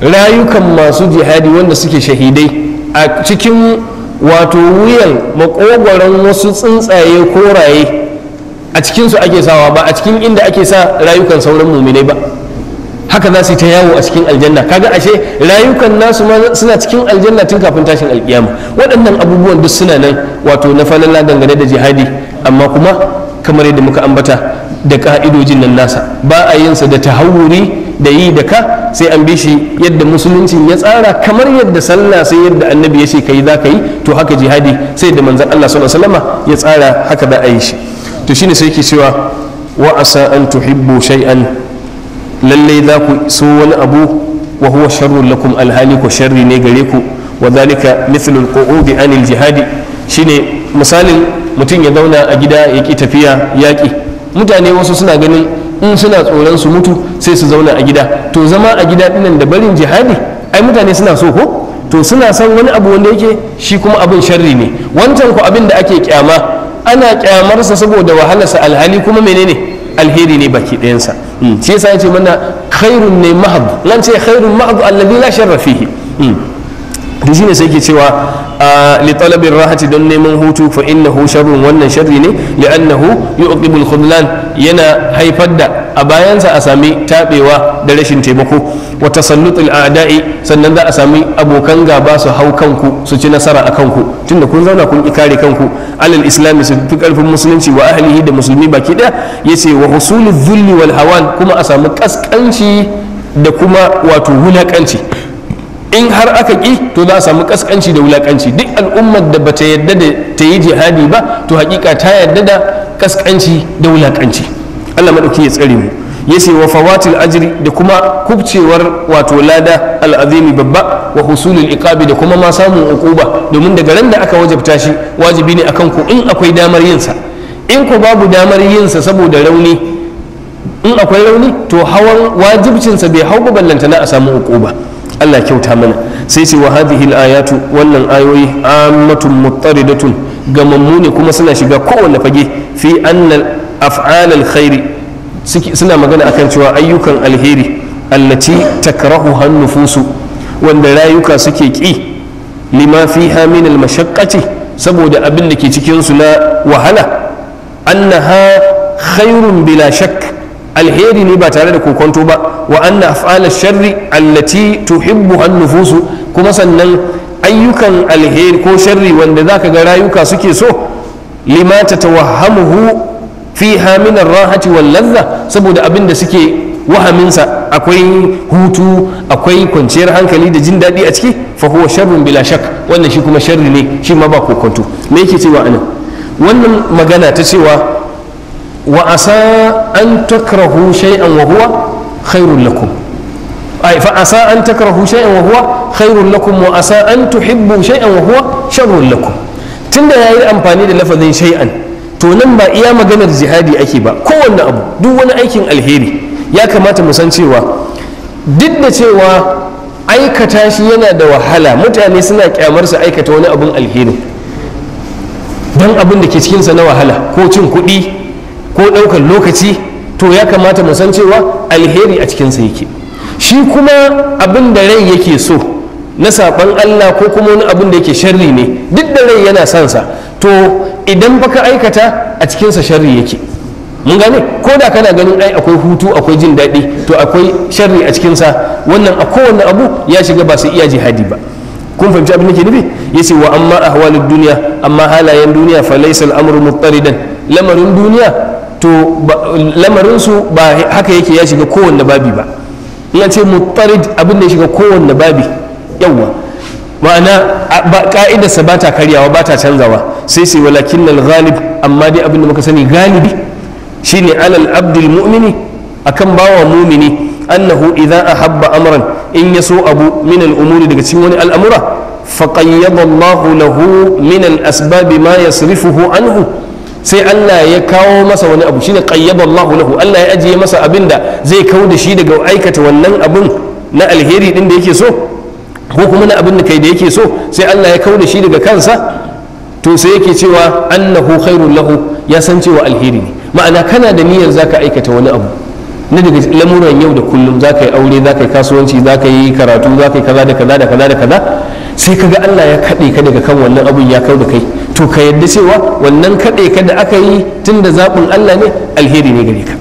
rayukan masu jihadi wanda suke shahidai a cikin wato wuyan makogwaron wasu tsuntsaye koraye a cikinsu ake sawa ba a cikin inda ake sa rayukan sauran muminai ba haka za su yi ta yawo a cikin aljanna kaga ashe rayukan nasu ma suna cikin aljanna tun kafin tashin alkiyama waɗannan abubuwan duk suna nan wato na falalla dangane da jihadi amma kuma kamar yadda muka ambata da ka'idojin nan nasa ba a yin sa da tahawuri da yi da ka sai an bi shi yadda musuluncin ya tsara kamar yadda sallah sai yadda annabi ya ce kai za ka yi to haka jihadi sai da manzon Allah sallallahu alaihi wasallama ya tsara haka za a yi shi to shine sai yake cewa wa asa an tuhibbu shay'an lallai za ku so wani abu wa huwa sharrun lakum alhali ko sharri ne gare ku wa zalika mithlul qu'udi anil jihadi shine misalin mutum ya zauna a gida ya ki tafiya yaki mutane wasu suna ganin in suna tsoron su mutu sai su zauna a gida to zama a gida dinnan da barin jihadi ai mutane suna so ko to suna son wani abu wanda yake shi kuma abin sharri ne wancan ku abin da ake kyama ana kyamarsa saboda wahalarsa alhali kuma menene alheri ne baki ɗayansa hmm. shi yasa yace mana khairun ne mahad lan ce khairun mahad alladhi la sharra fihi da hmm. shine sai ke cewa ah, li talabi rahati don neman hutu fa innahu sharrun wannan sharri ne li annahu al-khudlan yana haifar da a bayansa a sami taɓewa da rashin taimako wa tasallutul a'da'i sannan za a sami abokan gaba su hau kanku su ci nasara a kanku tunda kun zauna kun kare kanku alal islami su fi karfin musulunci wa ahlihi da musulmi baki daya yace wa husulul dhulli wal hawan kuma a sami kaskanci da kuma wato wulakanci in har aka ki to za a samu kaskanci da wulakanci duk al'ummar da bata yadda da ta yi jihadi ba to hakika ta yadda da kaskanci da wulakanci. Allah maɗauki ya tsare mu yace wa fawatil ajri da kuma kubcewar wato lada al'azimi babba wa husulul iqabi da kuma ma samun uquba domin daga ran da aka wajabta shi wajibi ne akan ku in akwai damar yin sa in ku babu damar yin sa saboda rauni in akwai rauni to hawan wajibcin sa bai hau ballanta na a samu uquba Allah kyauta mana sai ce wa hadhihi ayatu wannan ayoyi ammatun muttaridatun gamammu ne kuma suna shiga kowanne fage fi annal af'al alkhairi suna magana akan cewa ayyukan alheri allati takrahu hannufusu wanda rayuka suke ki lima fiha min almashaqqati saboda abin da ke cikin su na wahala annaha khairun bila shakk alheri ne ba tare da kokonto ba wa anna af'al sharri allati tuhibbu hannufusu kuma sannan ayyukan alheri ko sharri wanda zaka ga rayuka suke so lima hu. fi haminar rahati wal ladha saboda abin da suke wahaminsa akwai hutu akwai kwanciyar hankali da jin daɗi a ciki fa huwa sharrun bila shak wannan shi kuma sharri ne shi ma ba kokonto me yake cewa anan wannan magana ta cewa wa asa an takrahu shay'an wa huwa khairul lakum ay fa asa an takrahu shay'an wa huwa khairul lakum wa asa an tuhibbu shay'an wa huwa sharrul lakum tunda yayi amfani da lafazin shay'an to nan ba iya maganar jihadi ake ba kowanne abu duk wani aikin alheri ya kamata mu san cewa duk da cewa aikata shi yana da wahala mutane suna kyamar su aikata wani abun alheri don abin da ke cikinsa na wahala ko cin kuɗi ko ɗaukar lokaci to ya kamata mu san cewa alheri a cikinsa yake shi kuma abin da rai yake so na saɓan allah ko kuma wani abin da yake sharri ne duk da rai yana sansa to idan baka aikata a cikinsa sharri yake mun gane ko da kana ganin ai akwai hutu akwai jin daɗi to akwai sharri a cikinsa wannan a kowane abu ya shiga ba su iya jihadi ba kun fahimci abin da ke nufi yace wa amma ahwalud duniya amma halayen duniya fa laysa al-amru muttaridan lamarin duniya to lamarin su ba haka yake ya shiga kowanne babi ba ina ce muttarid abin da ya shiga kowanne babi yawa ma'ana ka'idarsa ba ta karyawa ba ta canzawa sai sai walakin al ghalib amma dai abin da muka sani galibi shine alal abdul mu'mini akan bawa mumini annahu idza ahabba amran in yaso abu min al umuri daga cikin wani al'amura faqayyada Allahu lahu min al asbab ma yasrifuhu anhu sai Allah ya kawo masa wani abu shine qayyada Allahu lahu Allah ya ajiye masa abinda zai kawo da shi daga aikata wannan abun na alheri din da yake so ko kuma na abin da kai da yake so sai Allah ya kauda shi daga kansa to sai yake cewa annahu khairul lahu ya san cewa alheri ne ma'ana kana da niyyar zaka aikata wani abu na daga lamuran yau da kullum zaka yi aure zaka yi kasuwanci zaka yi karatu zaka yi kaza da kaza da kaza da kaza sai kaga Allah ya kaɗe ka daga kan wannan abun ya kau da kai to ka yadda cewa wannan kaɗe ka da aka yi tunda da zaɓin Allah ne alheri ne gare ka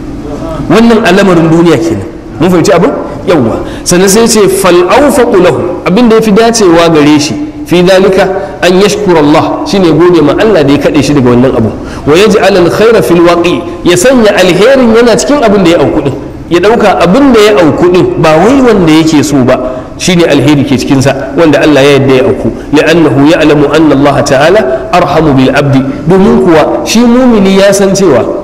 wannan alamarin duniya kenan mun fahimci abin yawwa sannan sai ce fal'aufaqu lahu abin da ya fi dacewa gare shi fi dalika an yashkura Allah shine gode ma Allah da ya kade shi daga wannan abu wa yaj'al al-khayra fil waqi ya sanya alherin yana cikin abin da ya auku din ya dauka abin da ya auku din ba wai wanda yake so ba shine alheri ke cikin sa wanda Allah ya yadda ya auku li'annahu ya'lamu anna Allah ta'ala arhamu bil abdi domin kuwa shi mumini ya san cewa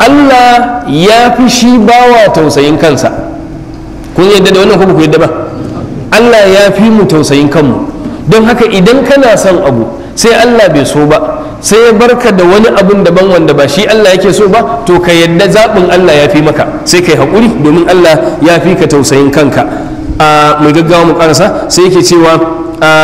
Allah ya fi shi bawa tausayin kansa kun yadda da wannan ko ku yadda ba Allah ya fi mu tausayin kanmu don haka idan kana son abu sai Allah bai so ba sai ya barka da wani abun daban wanda ba shi Allah yake so ba to ka yadda zaɓin Allah ya fi maka sai ka yi haƙuri domin Allah ya fi ka tausayin kanka a mai gaggawa mu karasa sai yake cewa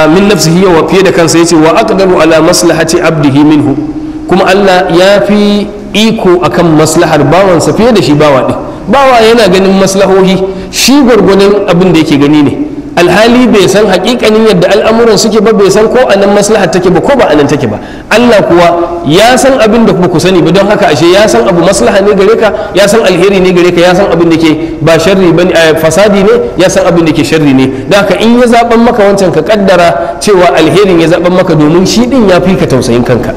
min nafsihi yawa fiye da kansa yace wa aqdaru ala maslahati abdihi minhu kuma Allah ya fi iko akan maslahar bawansa fiye da shi bawa din bawa yana ganin maslahohi shi gwargwadon abin da yake gani ne alhali bai san hakikanin yadda al'amuran suke ba bai san ko anan maslaha take ba ko ba anan take ba Allah kuwa ya san abin da ku sani ba don haka ashe ya san abu maslaha ne gare ka ya san alheri ne gare ka ya san abin da ke ba sharri ba fasadi ne ya san abin da ke sharri ne da haka in ya zaban maka wancan ka kaddara cewa alherin ya zaban maka domin shi din ya fi ka tausayin kanka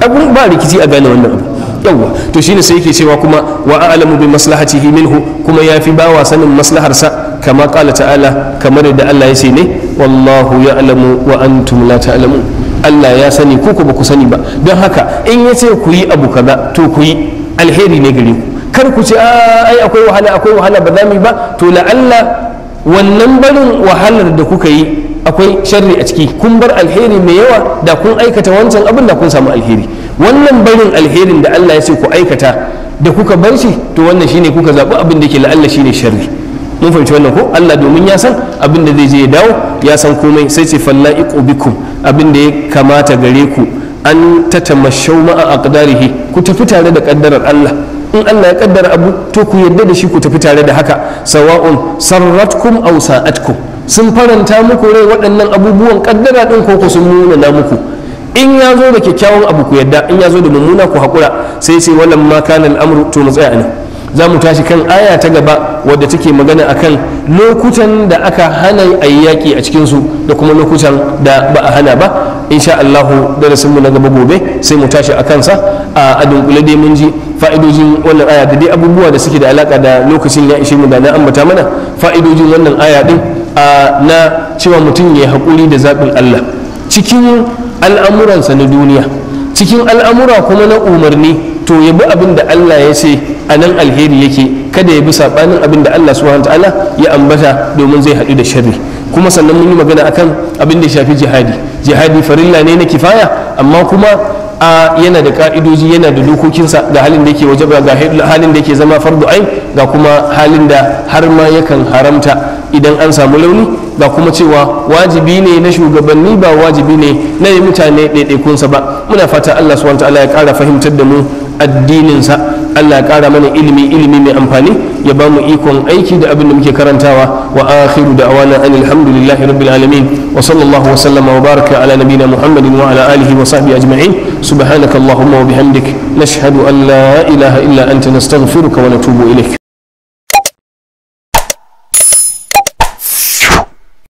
abin ba rikici a gane wannan abu yawwa to shine sai yake cewa kuma wa a'lamu bi maslahatihi minhu kuma yafi bawa sanin maslaharsa kama qala ta'ala kamar yadda Allah ya ce ne wallahu ya'lamu wa antum la ta'lamun Allah ya sani ku ba ku sani ba don haka in ya ce ku yi abu kaza to ku yi alheri ne gare ku kar ku ce ai akwai wahala akwai wahala ba za mu yi ba to la'alla wannan barin wahalar da kuka yi akwai sharri a ciki kun bar alheri mai yawa da kun aikata wancan abin da kun samu alheri wannan barin alherin da Allah ya ce ku aikata da kuka bar shi to wannan shine kuka zaɓi abin da ke la'alla shine sharri mun fahimci wannan ko Allah domin ya san abin da zai je ya dawo ya san komai sai ce fallaiqu bikum abin da ya kamata gare ku an tatamashau ma'a aqdarihi ku tafi tare da kaddarar Allah in Allah ya kaddara abu to ku yarda da shi ku tafi tare da haka sawa'un sarratkum aw sa'atkum sun faranta muku rai waɗannan abubuwan kaddara din ko ku sun munana muku in ya zo da kyakkyawan abu ku yadda in ya zo da mummuna ku haƙura sai sai wannan ma kana al'amru to mu tsaya ne za mu tashi kan aya ta gaba wadda take magana akan lokutan da aka hana a yi yaƙi a cikinsu da kuma lokutan da ba a hana ba insha Allah darasin mu na gaba gobe sai mu tashi akan sa a dunkule dai mun ji fa'idojin wannan aya da dai abubuwa da suke da alaka da lokacin ya ishe mu da na ambata mana fa'idojin wannan aya din na cewa mutum ya haƙuri da zaɓin Allah cikin al'amuransa na duniya cikin al'amura kuma na umarni to ya bi abin da Allah ya ce a nan alheri yake kada ya bi saɓanin abin da Allah subhanahu ta'ala ya ambata domin zai haɗu da sharri kuma sannan mun yi magana akan abin da shafi jihadi jihadi farilla ne na kifaya amma kuma a yana da ka'idoji yana da dokokinsa ga halin da yake waje ga halin da yake zama fardu ain ga kuma halin da har ma yakan haramta idan an samu launi ba kuma cewa wajibi ne na shugabanni ba wajibi ne na yi mutane ɗaiɗaikunsa ba muna fata allah subhanahu ta'ala ya ƙara fahimtar da mu addininsa allah ya ƙara mana ilimi ilimi mai amfani ya ba mu ikon aiki da abin da muke karantawa wa akhiru da'wana anil hamdulillahi rabbil alamin wa sallallahu wa sallama wa baraka ala nabina muhammadin wa ala alihi wa sahbihi ajma'in subhanakallahumma wa bihamdik nashhadu an la ilaha illa anta nastaghfiruka wa natubu ilayk